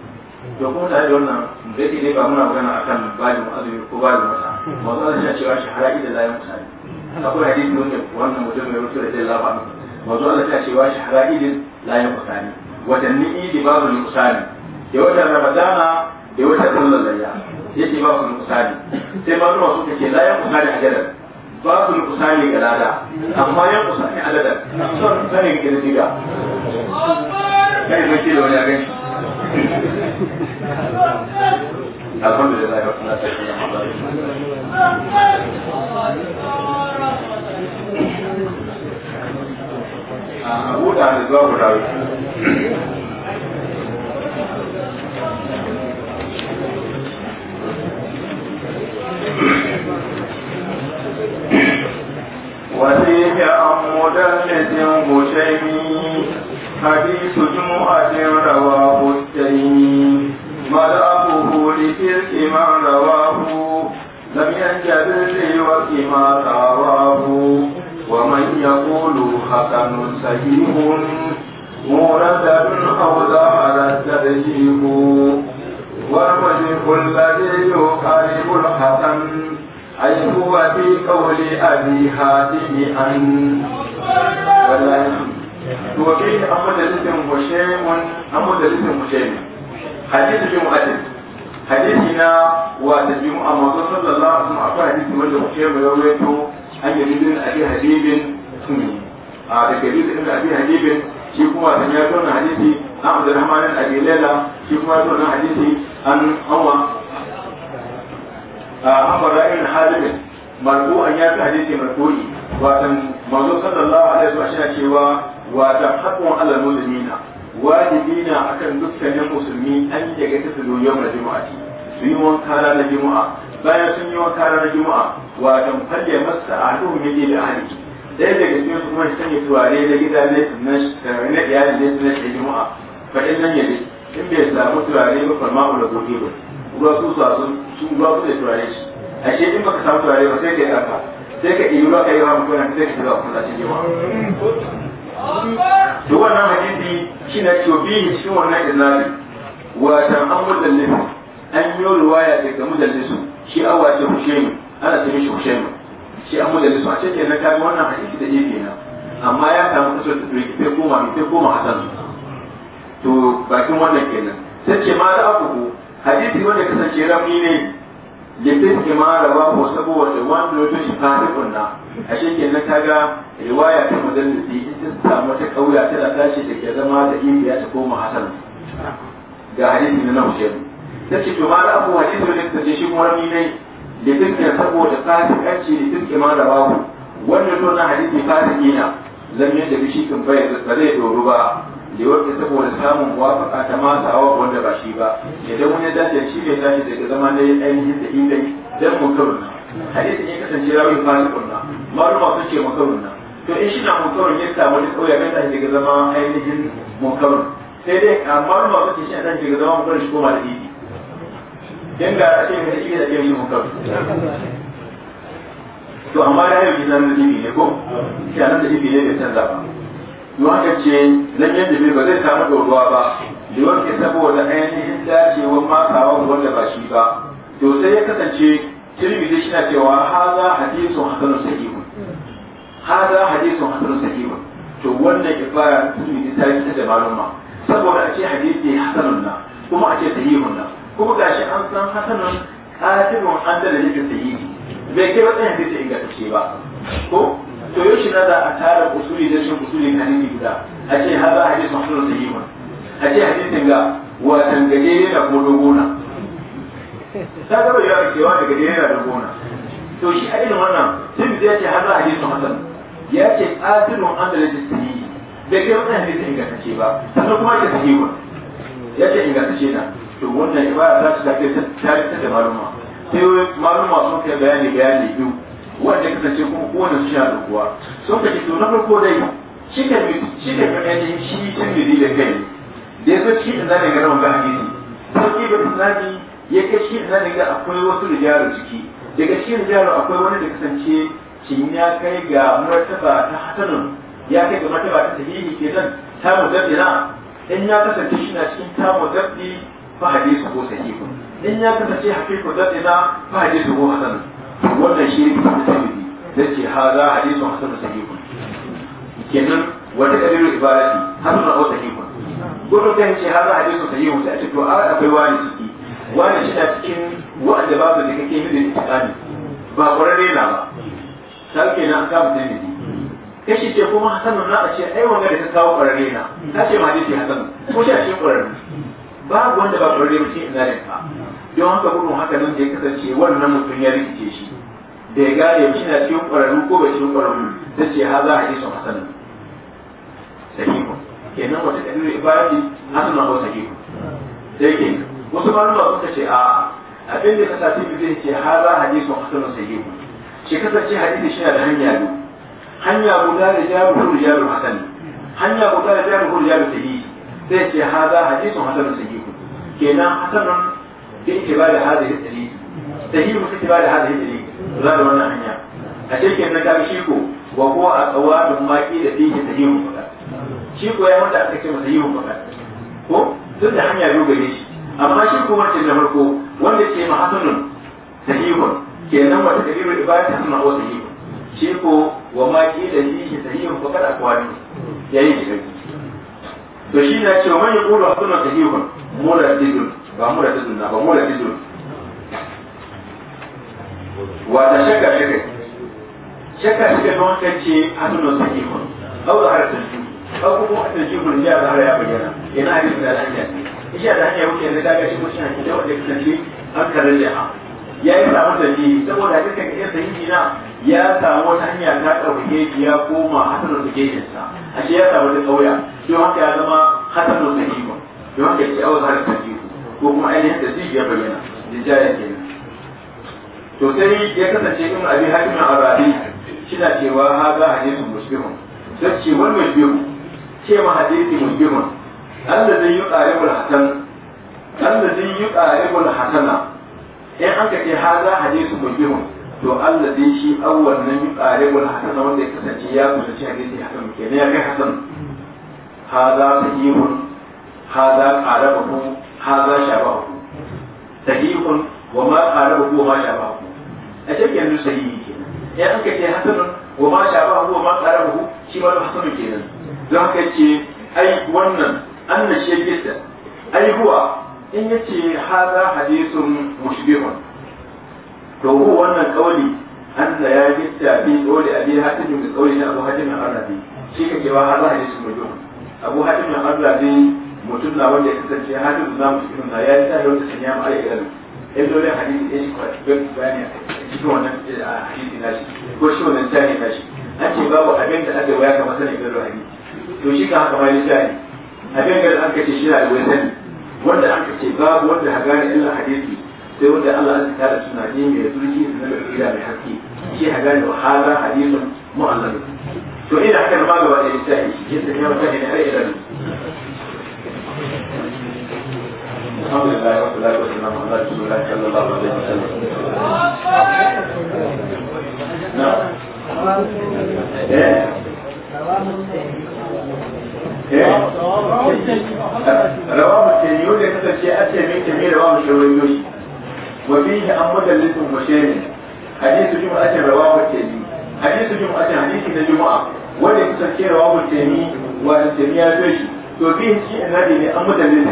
da kuma tare da wannan daɗi ne ba muna magana a kan bajin azumi ko bajin wata masu azumi na cewa shi haraki da zayen mutane akwai hadisi wanda wannan mutum mai rutu da zai lafa masu azumi na cewa shi haraki da layin mutane watanni idi babu lusani da wata ramadana da watan sallar layya yake babu lusani sai ma zuwa suka ce layin mutane a Ba gadar babu lusani ga lada amma yan lusani a ladar. son sanin girgiga kai mai ce da wani a gan
alhamdulillah ya kuma sai
هشيمي حديث جمعة رواه التيمي مذهبه لتلك من رواه لم ينجد لوك ما رواه ومن يقول حسن سيئ مورد أو ظهر الترجيح والوجه الذي يقارب الحسن أي هو في قول أبي هذه أن وفيه أمر لسن وشيم أمر لسن وشيم حديث في مؤدب حديثنا وتجمع أمر صلى الله عليه وسلم أقوى حديث من وشيم يرويته أن يريد أبي حبيب سمي daga yadda ibn abi hadibin shi kuma san ya na hadisi na abdurrahman abi laila shi kuma zo na hadisi an hawa an bara ibn halibin marfu an ya hadisi hadisi marfu'i watan manzo sallallahu alaihi wasallam cewa wata haƙon alal musulmina wajibi na akan dukkanin musulmi an yi daga ta yau da juma'a su yi wanka ranar juma'a bayan sun yi wanka ranar juma'a wata falle masa a duhun yake da ahli ɗaya daga cikin su kuma shi sanya turare na gida ne na iyali ne na shi juma'a fa in nan yadda in bai samu turare ba farma ba da gobe ba ruwa su su ruwa su da turare shi a ashe in baka samu turare ba sai ka yi haka sai ka iya ruwa ka yi wa mutum sai ka yi wa kuma za ta yi duk wannan hadisi shi na ce bihi cikin wannan islami watan an mudallis an yi ruwaya daga mudallisu shi an wace hushemi ana ce mishi hushemi shi an mudallisu a cikin na kaga wannan hadisi da yake na amma ya samu kusur da turki sai koma mai sai koma hasan to bakin wannan kenan sai ce ma da abubu hadisi wanda kasance rami ne jikin jimara ba ko saboda wani ya shi fasikun na a shekin na kaga riwaya ta mudallisi ita ta samu ta kauya tana tashi da ke zama da indiya ta koma hasan ga hadisi na naushe ta ce to ma da abu hadisi ne ta ce shi kuma rami ne jikin ke saboda fasikanci jikin jimara ba ko wanda to na hadisi fasiki zan yi yadda bishi kan bai ba zai doro ba liwarki saboda samun wafaka ta masa awa wanda ba shi ba idan wani dace shi ne tashi daga zama yin ainihin da inda dan mukarun hadisi ya kasance rawi fasikun na maluma sun ce mukarun na to in shi na mukarun ya samu da tsoya kan tashi daga zama ainihin mukarun sai dai amma maluma sun ce shi na tashi daga zama mukarun shi koma da didi. dan ga ce mai da iya da iya yi to amma ya yi gidan da ibi ne ko shi nan da ibi ne bai canza ba wanda ce lam yadda ba zai samu doruwa ba liwan ke saboda ainihin dacewar makawa wanda ba shi ba to sai ya kasance tirmidhi shi na cewa haza hadisun hasanun sahihun haza hadisun hasanun sahihun to wannan ibara tirmidhi ta yi da maluma saboda a ce hadisi hasanun na kuma a ce sahihun na kuma gashi an san hasanun katibun an da da yake sahihi bai kai wata hadisi ingantacce ba ko to yau shi za a tara usuli da shi usuli na nini guda a ce haza hadis mahmud sahiha a ce hadisin ga watan ne na ko dogona ta gaba yawa cewa da ne na dogona to shi a irin wannan sun zai ce haza hadis hasan ya ce qatilun an da Da sahihi bai kai wannan hadisin ingantacce ba sannan kuma ce wa ya ce ingantacce na to wannan ibara za su tafi ta da maluma sai maluma sun kai bayani bayani biyu wanda ya kasance kuma kowane su sha da kuwa sun ka to na farko dai shi ka shi ka fi ainihin shi tirmidhi da kai da ya zo cikin inda ne ga rawan ne sun ki ba islami ya kai shi inda zane ga akwai wasu rijalu ciki daga cikin rijalu akwai wani da kasance cin ya kai ga martaba ta hasanun ya kai ga martaba ta sahihi tamu ta na in ya kasance shi na cikin tamu mudabbi fa hadisu ko sahihu in ya kasance hakiku na fa hadisu ko hasanun wannan shi ne da tabbi da ce hada hadithu hasan sahih kenan wata kalilu ibarati hasan aw sahih gudu kan ce hada hadithu sahih da ce to akwai wani ciki wani shi da cikin wanda babu da kake yi da itikani ba kwararre na ba sai kenan ka mutane ne kashi ce kuma hasanu na a ce ai wanda da ta kawo kwararre na ta ce ma ce hasanu ko shi a ce kwararre babu wanda ba kwararre mutum ina da ka don haka gudun haka nan da ya kasance wannan mutum ya rikice shi da ya gane shi na cikin ƙwararru ko bai cikin ƙwararru ta ce ha za a yi sun hasanu sahihu kenan wata ɗabi'ar ibadi hasanu ko sahihu sai ke wasu malama suka ce a abin da kasa tibi zai ce ha za a yi sun hasanu sahihu shi kasance hadisi shi na da hanya biyu hanya guda da jaru huru jaru hasani hanya guda da jaru huru jaru sahihi sai ce ha za a yi sun hasanu sahihu kenan hasanun bi itibari hadhihi dalil sahihu bi itibari hadhihi dalil za da wannan hanya a cikin na kaga shi ko wa ko a tsawalin maki da fihi sahihun fakat shi ko ya wanda aka ce masa yihun fakat ko duk da hanya biyu gare shi amma shi ko wancan na farko wanda ce ma hasanun sahihun kenan wata ba ibadatu amma wa sahihun shi ko wa maki da fihi sahihun fakat akwani yayi jirgi to shi na ce wa cewa man yaqulu hasanun sahihun muraddidun ba muraddidun na ba muraddidun wata shakka shakka shakka shakka don ka ce hannun sake mun au da harkar su au kuma a tarji mun ya zahara ya bayyana yana a rikin da hanya isha da hanya wuce da daga shi ko shi hanyar wanda ya kasance an karar da ha ya yi samun da ji saboda hadisin ka iya sahihi na ya samu wata hanya ta ɗauke shi ya koma hasanar su gejin sa ce ya samu wata ƙauya don haka ya zama hasanar sahihi don haka ya ce awon harin sahihi ko kuma ainihin da zai ya bayyana da jaya kenan to sai ya kasance in abi hakimin arabi shina cewa ha za hadisin musbihun sai ce wal musbihun ce ma hadisi musbihun allazi yuqaribul hasan allazi yuqaribul hasana in an ka ce ha za hadisin musbihun to allazi shi awwal nan yuqaribul hasana wanda ya kasance ya kusanci hadisi hasan kenan ya kai hasan ha za sahihun ha za qarabahu ha za shabahu sahihun wa ma qarabahu ma shabahu a shirki yanzu sai yi kenan ya an kai hasanun wa ma sha ba wa ma qarahu shi ma hasanun kenan don haka ce, ai wannan anna shaykita ai huwa in yace hada hadithun mushbihun to hu wannan kauli anna ya jitta bi kauli abi hatim da kauli na abu hatim al-arabi shi kake ba hada hadithun mushbihun abu hatim al-arabi mutum na wanda ya kasance hatim na mushbihun na ya yi ta tare wata sanya ma'aikatan illolin hadisi ya shi kwaci bayani a cikin wannan eh, hadisi na shi ko shi wannan tsari na shi an ce babu abin da aka waya kamar sanin gado hadisi to shi kan haka ma ya tsari abin da an kace shi na da wani wanda an kace babu wanda ha gane illa hadisi sai wanda Allah ya tsara suna ne mai zurfi da na da mai haske shi ha gane wa hada hadisun mu'allal to ina haka ma gaba da ya tsari shi ke da yawa ta ne har ila الحمد لله رب العالمين والسلام رسول الله صلى الله عليه وسلم
نعم ايه رواه الترمذي ya kasance a ce
mai tamiyi rawahu shawayyoyi wa fihi an mudallisun mushayin hadisu juma'atin rawahu tamiyi hadisu juma'atin hadisi na juma'a wanda ya kasance rawahu tamiyi wa tamiyi ya to fihi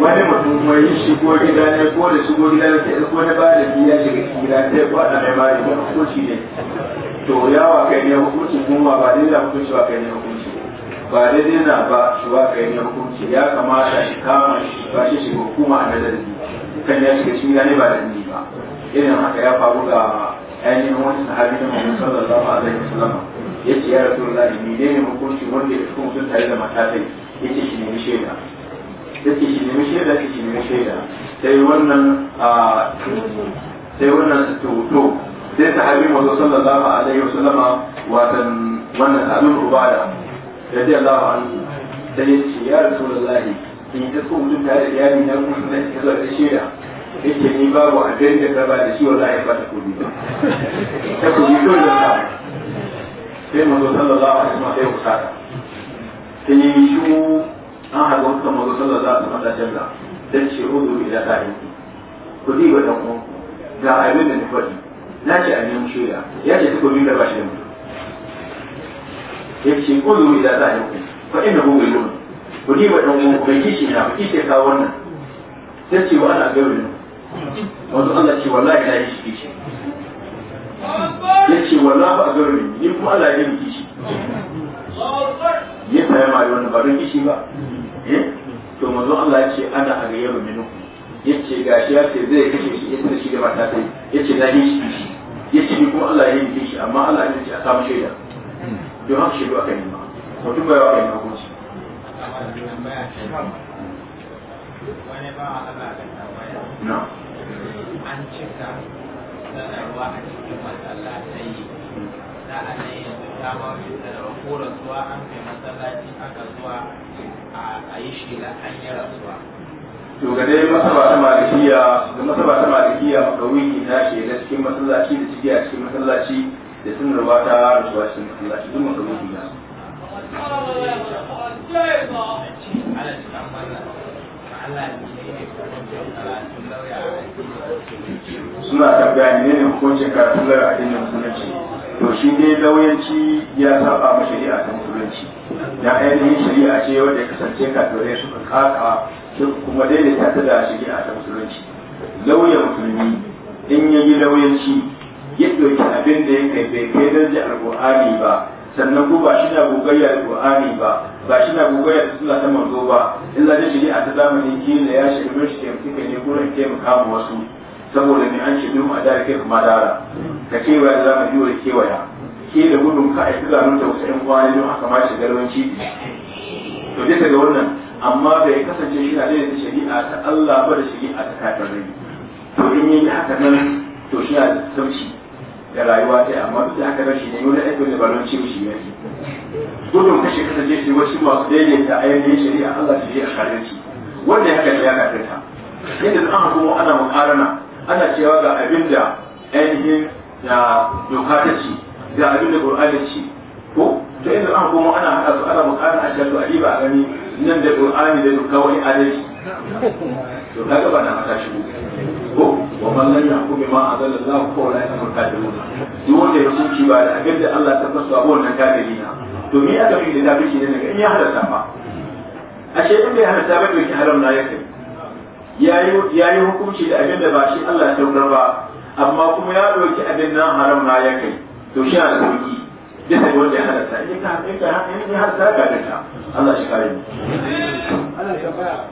wani mutum kuma yi shigo gida ne ko da shigo gida ne sai ko na bada biya shiga gida sai ko da mai bada ko hukunci ne to ya wa kai ne hukunci kuma ba dai da hukunci ba kai ne hukunci ba daidai na ba shi wa kai ne hukunci ya kamata shi kama shi ba shi shiga hukuma a nazari kan ya shiga cikin gida ne ba da ni ba irin haka ya faru ga ainihin wani sahabi na Muhammad sallallahu alaihi wasallam yace ya rasulullahi ni ne hukunci wanda ya hukunta tare da matafai yace shi ne ne yake shi nemi shaida yake shi nemi shaida sai wannan sai wannan toto sai sahabi mazo sallallahu alaihi wasallama watan wannan abin ubada radiyallahu anhu sai ya ce ya rasulullahi in ta so mutum tare da iyali na kuma da ke zuwa da shaida yake ni babu a abin da gaba da shi wallahi ba ta kudi ba ta kudi dole ta sai mazo sallallahu alaihi wasallama sai kusata sai shi an haka wata mazo za alaihi wasallam janna don ce udu ila ta'iki ku diba wata kuma ga abin da ni faɗi na ce a nemi shirya ya ce biyu da ba shi da mutu ya ce udu ila ta'iki fa ina hu wilun ku diba wata kuma ku bai kishi na ku kishi ka wannan sai ce wa ana gaurin wanzu Allah ce wallahi na yi shi kishi ya ce wallahi ba a gaurin ni kuma Allah ya yi kishi ya fahimta wani ba don kishi ba to manzo Allah ya ce ana agayyaru minu yace gashi ya ce zai kashe shi yace shi da mata sai yace da shi yace ni kuma Allah ya yi shi amma Allah ya ce a samu shaida don haka aka mutum bai wa kai na hukunci na an cika sanarwa a cikin dama da ko rasuwa an kai
masallaci aka zuwa a yi shela da yi rasuwa to ga dai masaba ta malikiya ga masaba ta malikiya
makawiki na shela cikin masallaci da ciki a cikin masallaci da sun ta rasuwa cikin masallaci duk
suna ne hukuncin karatun
lara musulunci to shi ne lauyanci ya saba ma shari'a ta musulunci da ainihin shari'a ce wanda ya kasance kafirai suka kaka kuma daidaita ta da shari'a ta musulunci lauya musulmi in ya yi lauyanci ya ɗauki abin da ya kai bai kai darje alƙur'ani ba sannan ko ba shi na gogayya alƙur'ani ba ba shi na gogayya da suna ta manzo ba illa da shari'a ta zamanin kila ya shiga mai shi taimaki ne gurin taimaka ma wasu saboda mai an ce min a da kai kuma dara ka kewaya za mu biyo da kewaya ke da gudun ka aiki zanun da wasu 'yan kwana don aka ma shiga rawanci to bisa ga wannan amma bai kasance shi na daidaita shari'a ta Allah ba da shari'a ta kafirai to in yi haka nan to shi na da sauci da rayuwa ta amma duk da haka nan shi ne wani aikin da balon ci shi yake gudun kashe kasance shi wasu masu daidaita ainihin shari'a Allah shari'a kafirai wanda ya haka ya kafirta yadda an hakumu ana mukarana ana cewa ga abin da ainihin da doka ta ce ga abin da da ce ko to inda an koma ana haɗa su ana buƙatar a cewa a ɗiba a gani nan da qur'ani da doka wani adalci to kaga ba na haka shigo ko wa man lam yahkum bima anzala Allah fa ulaika da kafirun duk wanda ya hukunci ba da abin da Allah ta fasa ba wannan kafiri na to me aka fi da shi ne daga in ya halatta ba ashe in bai halatta ba to ki haram na ya kai ya yi hukunci da abin da ba shi Allah ya saukar ba amma kuma ya ɗauki abin nan haram na ya kai to shi sauki wanda ya halatta in ka in ka in
Allah shi kare Allah ya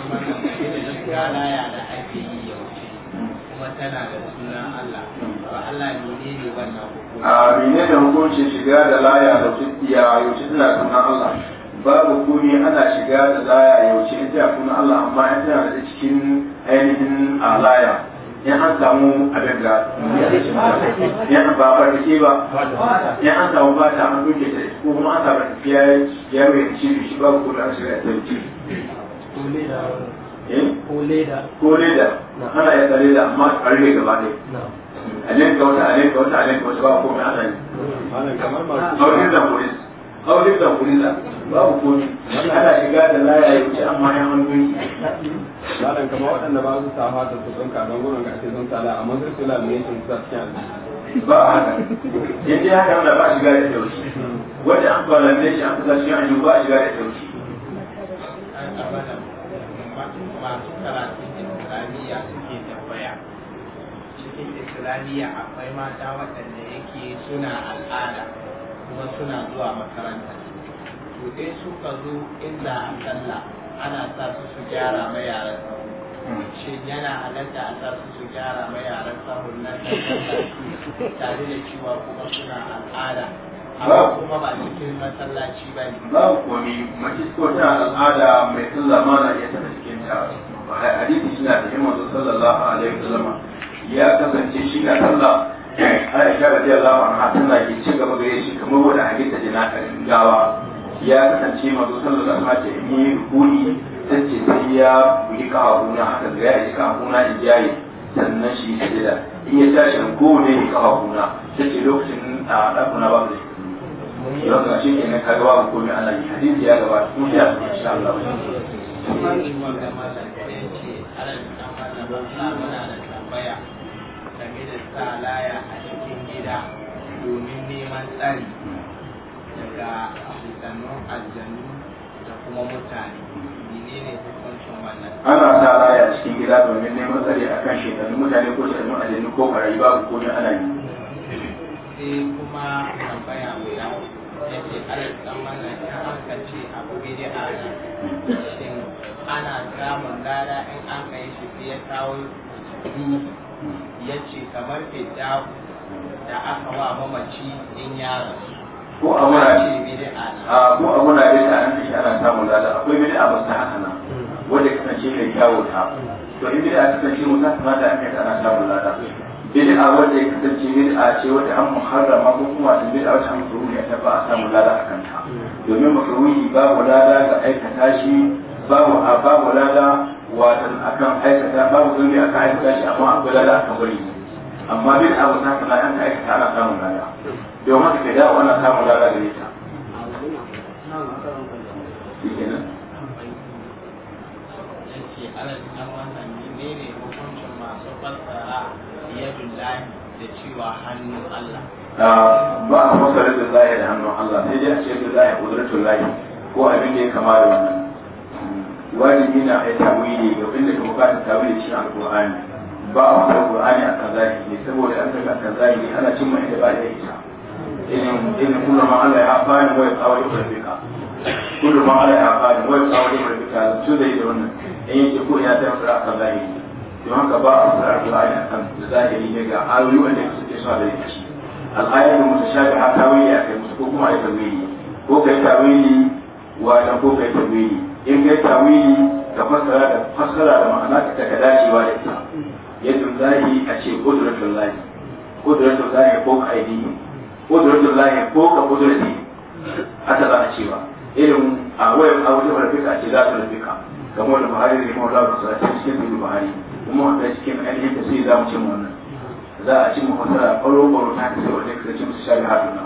amma na ya da ake yi yau kuma tana da sunan Allah ba Allah ne ne wannan hukunci a da hukuncin
shiga da laya da fitiya yaushe tana sunan Allah babu kuni ana shiga da laya yaushe in tana sunan Allah amma in tana da cikin ainihin a laya in an samu abin da in da ke ba an samu ba ta an duke ta ko kuma an samu tafiya ya shi ba ko da an shiga da ta Eh? ko leda ko leda ana yadda leda amma a rage gaba ne a yanka wata a yanka wata a yanka wata ba komai ana yi aurin da kuris aurin da ba babu komai ana shiga da laya ya wuce amma ya hannu malam kama waɗanda ba su safa da su ɗauka don gudun gaske sun tsada amma sai su lamineshin su cikin ba a haka yanzu ya haka wanda ba a shiga da taushi wanda an kwa shi an kusa shi an yi ba a shiga da taushi masu karatun islamiyya suke tambaya cikin islamiyya akwai mata waɗanda yake suna al'ada kuma suna zuwa makaranta to dai ka zo inda a ana sa su su gyara ma yaran sahu shin yana halatta a sa su su gyara ma yaran sahun nan tare da cewa kuma suna al'ada amma kuma ba cikin masallaci ba ne babu komi mace ko ta al'ada mai sallah na iya tafi cikin ta hadisi shi na da yin wasu sallallahu alaihi wasallam ya kasance shi na sallah Aisha radiyallahu anha tana ke ci gaba gare shi kamar wanda hadisi da na gawa ya kasance mazo sallallahu alaihi wasallam ce ni kuni tace sai ya yi kahuna haka ga ya yi kahuna in yayi sannan shi sujada in ya tashi ko ne kahuna ce lokacin a dakuna ba zai yau ga shi ne ka gaba ko mai Allah ya hadisi ya gaba ko ya insha Allah domin neman tsari daga halittannin
aljannu da kuma mutane menene hukuncin wannan ana sa a cikin gida domin neman tsari akan shekarun
mutane ko shekarun aljannu ko barayi babu komai ana yi
sai kuma tambaya guda ya ce alal tsammanin
in aka ce abu bidi ana shin ana samun gara in an kai shi sai ya kawo biyu ya ce kamar fidda
da aka wa mamaci in ya ko a muna ko a muna bida
an ce ana samun gara akwai bida ba ta haka nan wanda kasance mai kyawu ta to in bida kasance mutum ta da aka ana samun gara
bid'a wanda ya kasance bid'a ce wata an muharrama ko kuma ta bid'a an ta ba a samu lada a kanta
domin makruhi babu lada ga aikata shi babu a babu lada watan akan aikata babu akan aikata shi amma akwai lada akan wuri amma bid'a wata haka na an aikata ana samun lada domin haka ke dawo ana samun da ita ne ne hukuncin masu fassara da cewa hannun Allah ba a fasarar da lahi da hannun Allah sai dai a ce da lahi kudratul lahi ko abin da ya kama da wannan wajibi na ai tawili ga wanda ka bukata tawili cikin alqur'ani ba a fasarar qur'ani a kan ne saboda an saka kan ne ana cimma inda ba da ita in in kullu ma Allah ya afani wa ya tsawai rabbika kullu ma Allah ya afani wa ya tsawai rabbika su dai da wannan in yake ko ya tafi a kan zahiri don haka ba a tsara al'ayi a kan da zahiri ne ga ayoyi wanda suke suna da rikici al'ayar da mutu shafi a tawili a kai musu ko kuma a yi tawili ko kai tawili wajen ko kai tawili in kai tawili ka fassara da fassara da ma'ana ta ka dacewa da ita yadda zahiri a ce kuduratul lahi kuduratul lahi ko ka aidi kuduratul lahi ko ka kudurati a ta a cewa irin a wayan a wajen farfika a ce za ta farfika kamar da bahari da kuma rabu sa cikin bin bahari kuma wanda cikin ainihin da sai za mu cin wannan za a cin mafasara ɓaro ɓaro ta kasa wanda ka cin su shari haɗu na.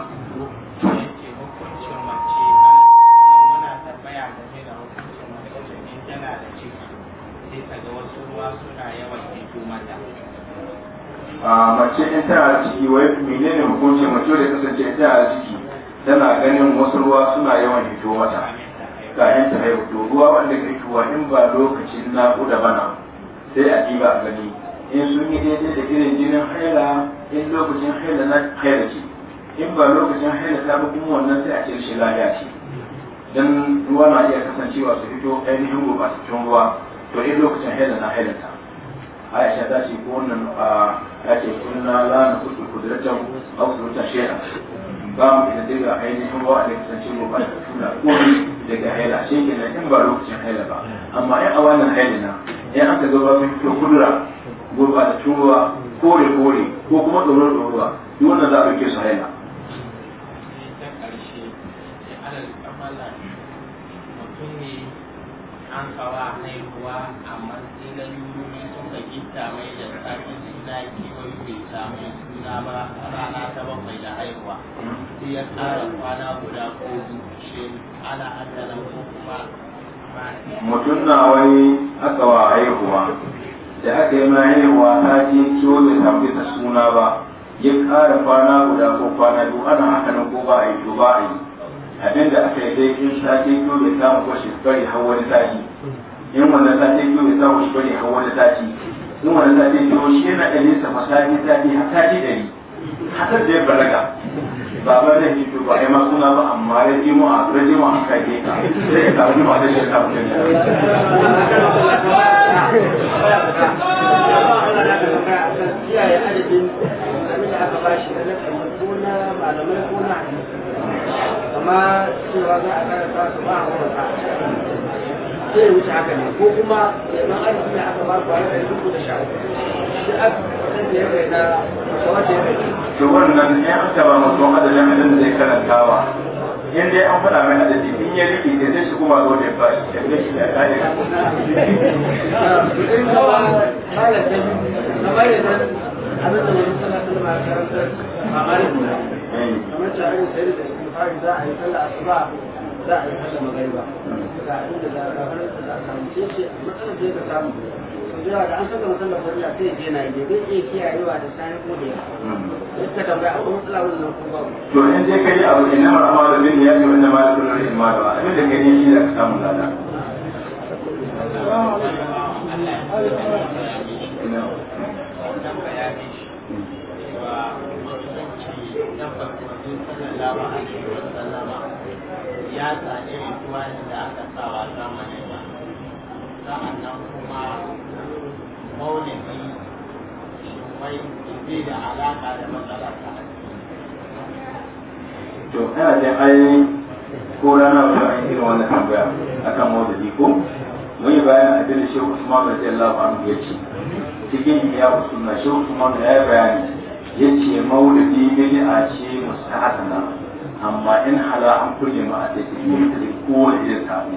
a mace in tana ciki wai menene hukuncin mace da kasance tana ciki tana ganin wasu ruwa suna yawan hito mata kayan ta haihu to ruwa wanda ke tuwa in ba lokacin na kuda bana sai a diba a gani in sun yi daidai da irin jinin haila in lokacin haila na haila ce in ba lokacin haila ta ba kuma wannan sai a ce shi lafiya ce dan ruwa na iya kasancewa su fito ainihin gurɓataccen ruwa to in lokacin haila na haila ta aisha ta ce ko wannan a ta ce kunna la na kudu kudratan aw ta shaida. Bamu mu da daga ainihin wa da kasance mu ba da tuna komai daga haila shi ke nan in ba lokacin haila ba amma in a wannan haila na in aka zo ba su fito kudura gurba da tuwa kore kore ko kuma tsoron tsoruwa
duk wannan za a ɗauke su haila.
an kawa haihuwa amma sai da ne suka gita mai da tsarin bai samu suna ba
rana ta bakwai da haihuwa sai ya kwana guda ko shi ana hankalin ko kuma mutum na wai aka wa haihuwa
da aka yi mai haihuwa ta je ciwo bai samu suna ba ya ƙara kwana guda ko kwana biyu ana hankalin ko ba a yi to ba a yi da aka yi dai in sake ciwo bai samu ko shi bari har wani sati in wannan ciwo bai samu har wani in wani na ɗin to shi yana ɗan nesa masaki ta ɗi har ta ɗi ɗari hatar da ya balaga ba ba da hito ba ai suna ba amma ya ji mu a rage mu a kai ne ka sai ya kawo ma da shi
sai wuce haka ne ko kuma idan arziki ne aka ba kwanar da dubu da sha shi aka kasance ya bai na wata ya
to wannan ne aka ba mutum adadin abin da ya karantawa in dai an faɗa mai adadi in ya riƙe da zai shi kuma zuwa da ba shi da shi da kare abin da
wani sallah sallama ya karanta a malikin kamar
tare da sayar da istighfari za a yi sallah asuba za a yi haka magariba ga da za a da za a samu shi matsalar da ya samu zuwa da an saka matsalar farilla sai je na je zai iya kiyayewa da sani ko da ya ka tambaya a wani matsala wannan ko
to in je kai abu ina ma
amma da bin ya ce wannan ma da sunan imma da abin da kai ne shi da ka samu lada
Thank you. siyasa irin tuwanin da aka sawa zamanin da sa'annan kuma
maulidi mai zai da alaƙa da matsala ta to ina jin ai ko rana wata an irin wannan tambaya akan maulidi ko mun yi bayan abin da shehu usman radiyallahu anhu ya ce cikin ya usunna shehu usman ya yi bayani ya ce maulidi bid'a ce mustahasana amma in hala an kurje ma a take shi da take kowane irin sabo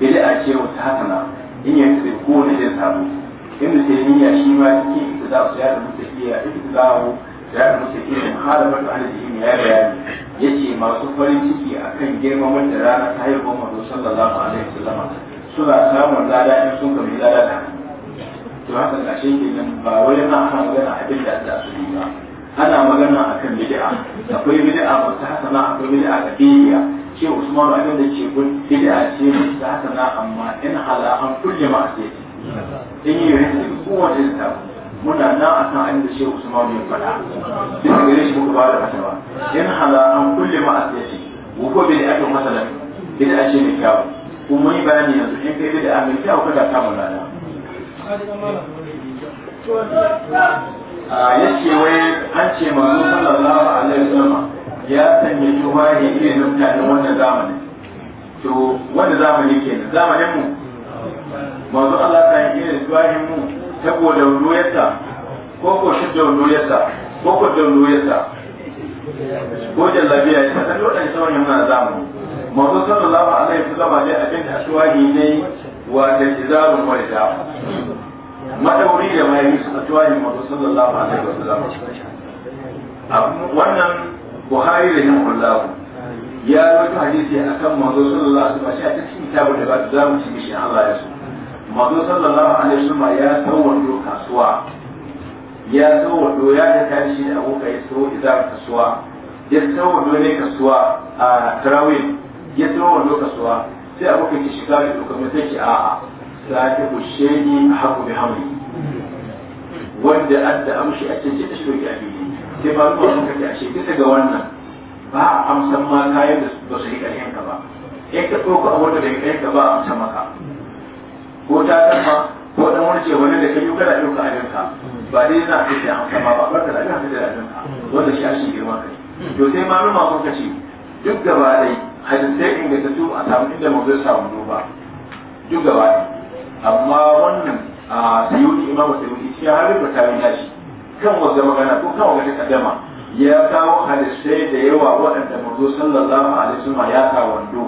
bidi a ce wata hasana in ya take kowane irin sabo in da sai niyya shi ma yake ita za su yada musu iya ita za su yada musu iya muhalabar da aljihi ya bayani ya ce masu farin ciki akan girmamar da rana ta yi haihuwa mazo sallallahu alaihi sallama suna samun lada in sun gami lada da to haka ke nan ba wai ana magana abin da ta yi ba ana magana akan bid'a akwai bid'a ba ta haka na akwai bid'a ga diya ce Usman abin da ce kun bid'a ce ta haka na amma in hala an kulle ma ce in yi rikin kowace ta muna nan akan abin da ce Usman ya faɗa bisa gare shi muka ba da fatawa in hala an kulle ma ce wuko bid'a ta masalan bid'a ce mai kyau kuma yi bayani yanzu in kai bid'a mai kyau kada ta mun na.
ya ce wai an
ce manzo sallallahu alaihi wasallam ya sanya tufahi irin na mutanen wannan zamani to wanda zamani ke zamanin mu manzo Allah ta yi irin tufahin mu da ruwayarsa ko ko shi da ruwayarsa ko ko da ruwayarsa ko jallabiya ya ta da wadannan sauran muna zamani manzo sallallahu alaihi wasallam dai abin da tufahi ne wa da izarun da
madauri da
mai suka tuwa ne mutu sallallahu alaihi wa wasallam wannan buhari da yin kullahu ya rawaito hadisi akan manzo sallallahu alaihi wasallam a cikin kitabul ibad za mu ci mishi Allah ya so manzo sallallahu alaihi wasallam ya tsawato kasuwa ya tsawato ya da tashi da abokai ya tsawo idan kasuwa ya tsawato ne kasuwa a tarawih ya tsawato kasuwa sai abokai ki shiga da kuma sai ki a'a sahibu shay'i haqqu wanda adda amshi a cikin shi a fili sai ba ruwa sun daga wannan ba a amsan ma kayan ba su yi ƙarfin ba in ka a wanda da ka ba a maka ko ta ma ko ɗan wani ce wani da ɗauka abin ka ba dai yana fi da ma ba ba ka da abin wanda shi girma kai to sai duk gaba dai ingantattu a samu inda mu zai duba duk gaba dai amma wannan a sayuti imamu sayuti shi har da yi shi. kan wanda magana ko kan wata kaddama ya kawo hadisai da yawa waɗanda manzo sallallahu alaihi wasallam ya kawo wando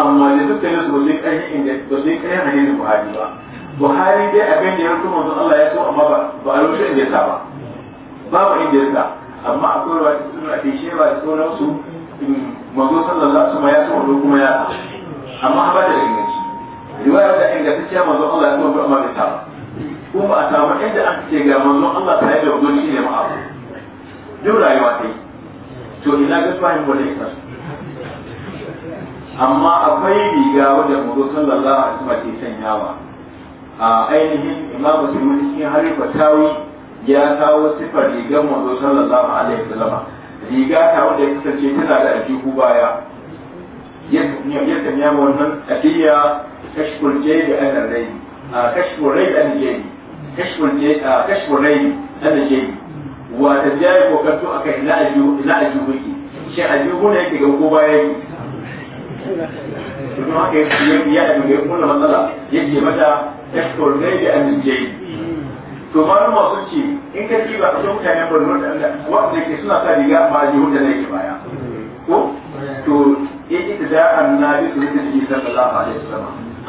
amma da dukkan su ba sai kai inda ba sai kai hadisin Buhari ba Buhari dai abin da ya rubuta manzo Allah ya so amma ba ba a rubuta inda ya sa ba babu inda ya sa amma akwai a suna shi ba da sauransu manzo sallallahu alaihi wasallam ya so wando kuma ya amma ba da inganci riwaya da ingantacciya manzon Allah ya kuma bi amma bai samu kuma a samu inda aka ce ga manzon Allah ta yi da wani shi ne ma'abu duk rayuwa ta yi to ina ga fahim wanda ya amma akwai riga wanda manzo sallallahu alaihi wasallam ke sanyawa a ainihin imamu sulmani cikin harifa tawi ya kawo sifar rigar manzo sallallahu alaihi wasallam riga ta wanda ya kasance tana da aljihu baya yadda ya wannan adiya كشف الجيب عن الريب كشف الريب عن الجيب كشف الجيب كشف الريب عن الجيب وتجارب وكنت أكيد لا أجو لا أجو بيجي شيء أجو هنا يجي جوكو بايجي ثم هكذا يعلم يقول مثلا يجي متى كشف الريب عن الجيب to ma ma sun ce in ka ci ba su mutanen Borno da wanda ke suna sa riga ma jihun da nake baya ko to in ita da annabi su ne da sallallahu alaihi wasallam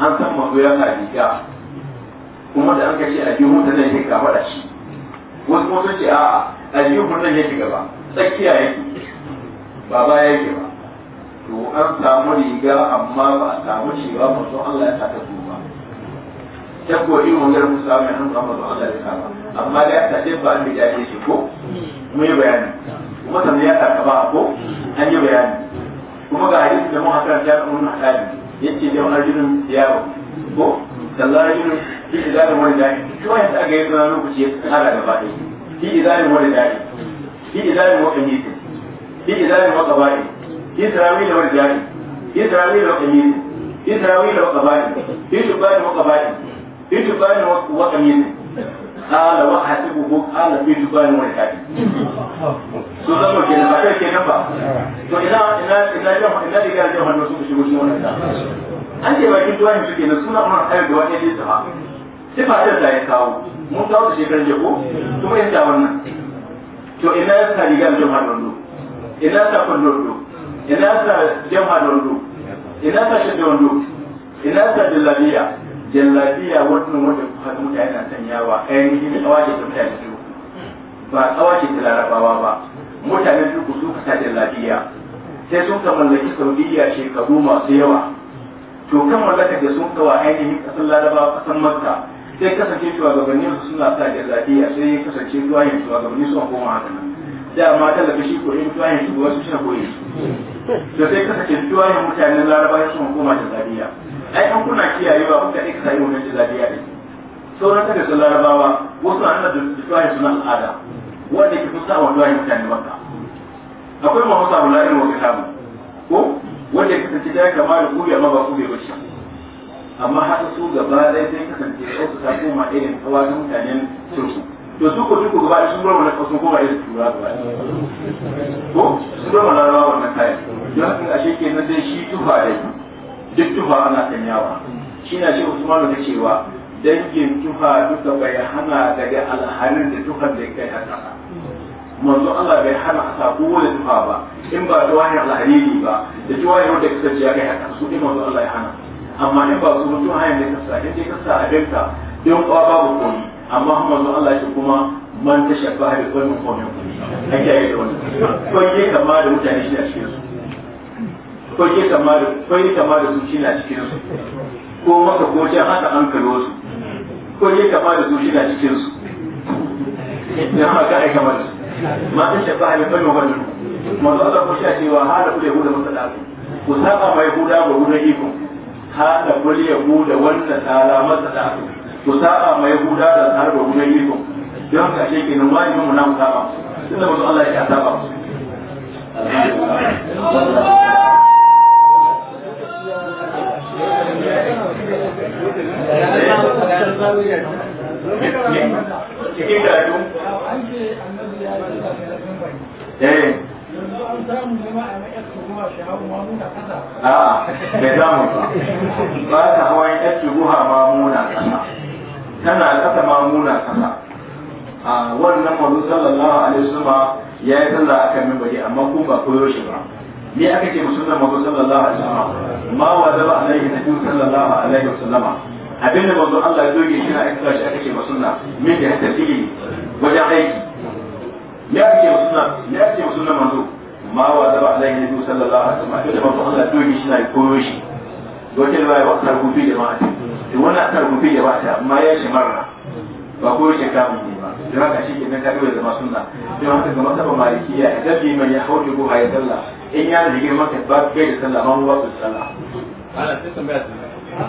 an san ka na riga kuma da an kashe a jihun da zai shiga da shi wasu kuma sun ce a a jihun nan ya shiga ba tsakiya ke ba ba ke ba to an samu riga amma ba a samu shi ba masu Allah ya saka su ba ta ko in yar musa mai an samu masu Allah ya saka amma da ya tace ba an bija shi ko mu yi bayani kuma sannan ya saka ba ko an yi bayani kuma ga hadisi da mun hakan ta nuna hadisi yake da rajulun yaro ko da rajulun fi idan wani dai to ya ta ga yana lokaci ya tsara da bai fi idan wani dai fi idan wani kamiti fi idan wani qabai fi da wani dai fi da wani kamiti fi da wani qabai fi da wani qabai fi da wani kamiti قال وحاسبه قال في جبان والحاج su zama kenan ba kai kenan ba ina ina ina ina diga jahu da su shigo cikin wannan an ce bakin duwayen su kenan suna umar ayar da wani yake saha sifa ta da ya kawo mun kawo su shekaran jago kuma yin da wannan to ina ya sa diga jahu da wando ina ya sa kullu ina ya sa ina ina jallabiya wannan wanda kuka ga mutane na sanyawa ainihin tsawace da mutane biyu ba tsawace da larabawa ba mutane biyu ku suka ta jallabiya sai sun ka mallaki saudiya shekaru masu yawa to kan mallaka da sun kawa ainihin ƙasar larabawa kasar makka sai kasance shugabanni su suna sa jallabiya sai kasance tuwayen shugabanni su koma haka nan dama da shi ko in tuwayen su wasu shi na koyi sai kasance tuwayen mutanen larabawa sun koma jallabiya ai an kuna kiyaye ba ga ɗaya sayi wannan jizaliya ne sauran ta sun larabawa wasu nan da tuwaye suna al'ada wanda ke kusa wa yin mutane maka akwai ma hausa wula irin wani kamun ko wanda ya kasance ta kama da kube amma ba kube ba shi amma haka su gaba ɗaya sai kasance ya su ta koma irin tsawa da mutanen turku to su ko duk gaba sun bar wannan kasu koma irin tura gaba ko sun bar wannan kayan don haka ashe kenan zai shi tufa dai duk tufa ana sanyawa shi na ce usman da cewa dangin tufa duka bai hana daga alharin da tufa da ya kai har ƙasa manzo Allah bai hana a sako wani tufa ba in ba da wani alhariri ba da wani wanda kasar ya kai har ƙasa su ɗin manzo Allah ya hana amma in ba su mutum hanyar da kasa in dai kasa a dinka don kwa babu komi amma manzo Allah shi kuma man tashabbaha bi qawmin kuni a yi da wani ko kama da mutane shi a cikin su Ko kama da kwanye kama da su na cikin su ko maka ko can haka an kalo su kwanye kama da su na cikin su dan haka ai kamar su ma in shafa ne kan wani manzo za ko shi cewa hada ku da masa masallatu ku saba mai yahuda ga wurin iko hada ku ya yahuda wannan tsara masa masallatu ku saba mai yahuda da tsara ga wurin iko don haka shi kenan wajibin mu na mu saba tunda manzo Allah ya
saba mu Alhamdulillah cikin bai
ba ta hawan yake ruha kasa tana kasa mamuna kasa a wannan mazu sallallahu alaihi wasallam ya yi sallah akan mimbari amma kun ba koyo shi ba ne aka ce mu sunnar manzo sallallahu alaihi wasallam ma wa zaba alaihi nabi sallallahu alaihi wasallam abin da manzo Allah ya doge shi na aka shi aka ce mu sunna min da hatta fili wajen aiki ne aka ce mu sunna ne aka ce mu sunnar manzo ma wa zaba alaihi nabi sallallahu alaihi wasallam abin da manzo Allah ya doge shi na koyo shi dokin ba ya wa tarbufi jama'a to wannan tarbufi jama'a ma ya shi marra ba ko shi kamun ne ba don haka shi ke nan ta da zama sunna don haka ga masaba malikiya idan liman ya hauɗe ko hayatalla in ya da girman kai ba bai da sallah amma ba su sallah
ana sai tambaya su a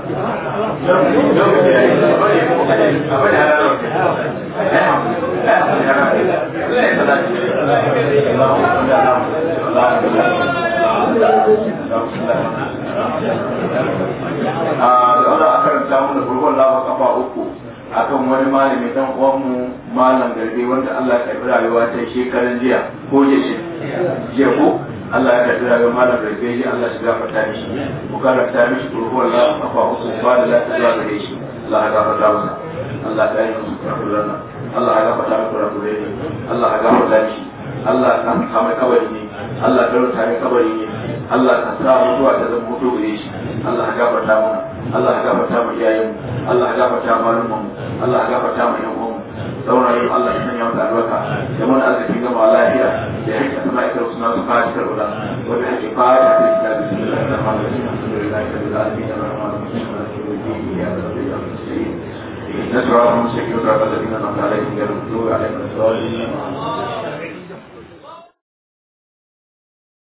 ah, da a
karanta mana gurgun lawa kafa uku akan wani malami dan mu malam garbe wanda Allah ya karbi rayuwa ta shekaran jiya ko jiya jiya ko Allah ya karbi rayuwa malam garbe shi Allah shi gafarta mishi ku karanta mishi kurhu Allah afa usu ba da lafiya zuwa gare shi Allah ya fata masa Allah ya yi musu kurakuran Allah ya fata musu kurakuran Allah ya fata mishi Allah ka sa mai kabari ne Allah ka rubuta mai kabari ne Allah ka sa mu zuwa da zan mutu gare shi Allah ka gafarta mana Allah ka gafarta mu iyayen mu Allah ka gafarta mu mu Allah ka gafarta mu yan uwan mu saurayin Allah ya sanya masa albarka da mana arziki gama lafiya da hakka mai ikar suna su fara cikar da wanda hakki fara da ta bismillah ar-rahman ar-rahim alhamdulillah rabbil alamin ar-rahman ar-rahim maliki yawmiddin نسرع من شكل رب الذين أنعمت
عليهم غير المغضوب عليهم ولا الضالين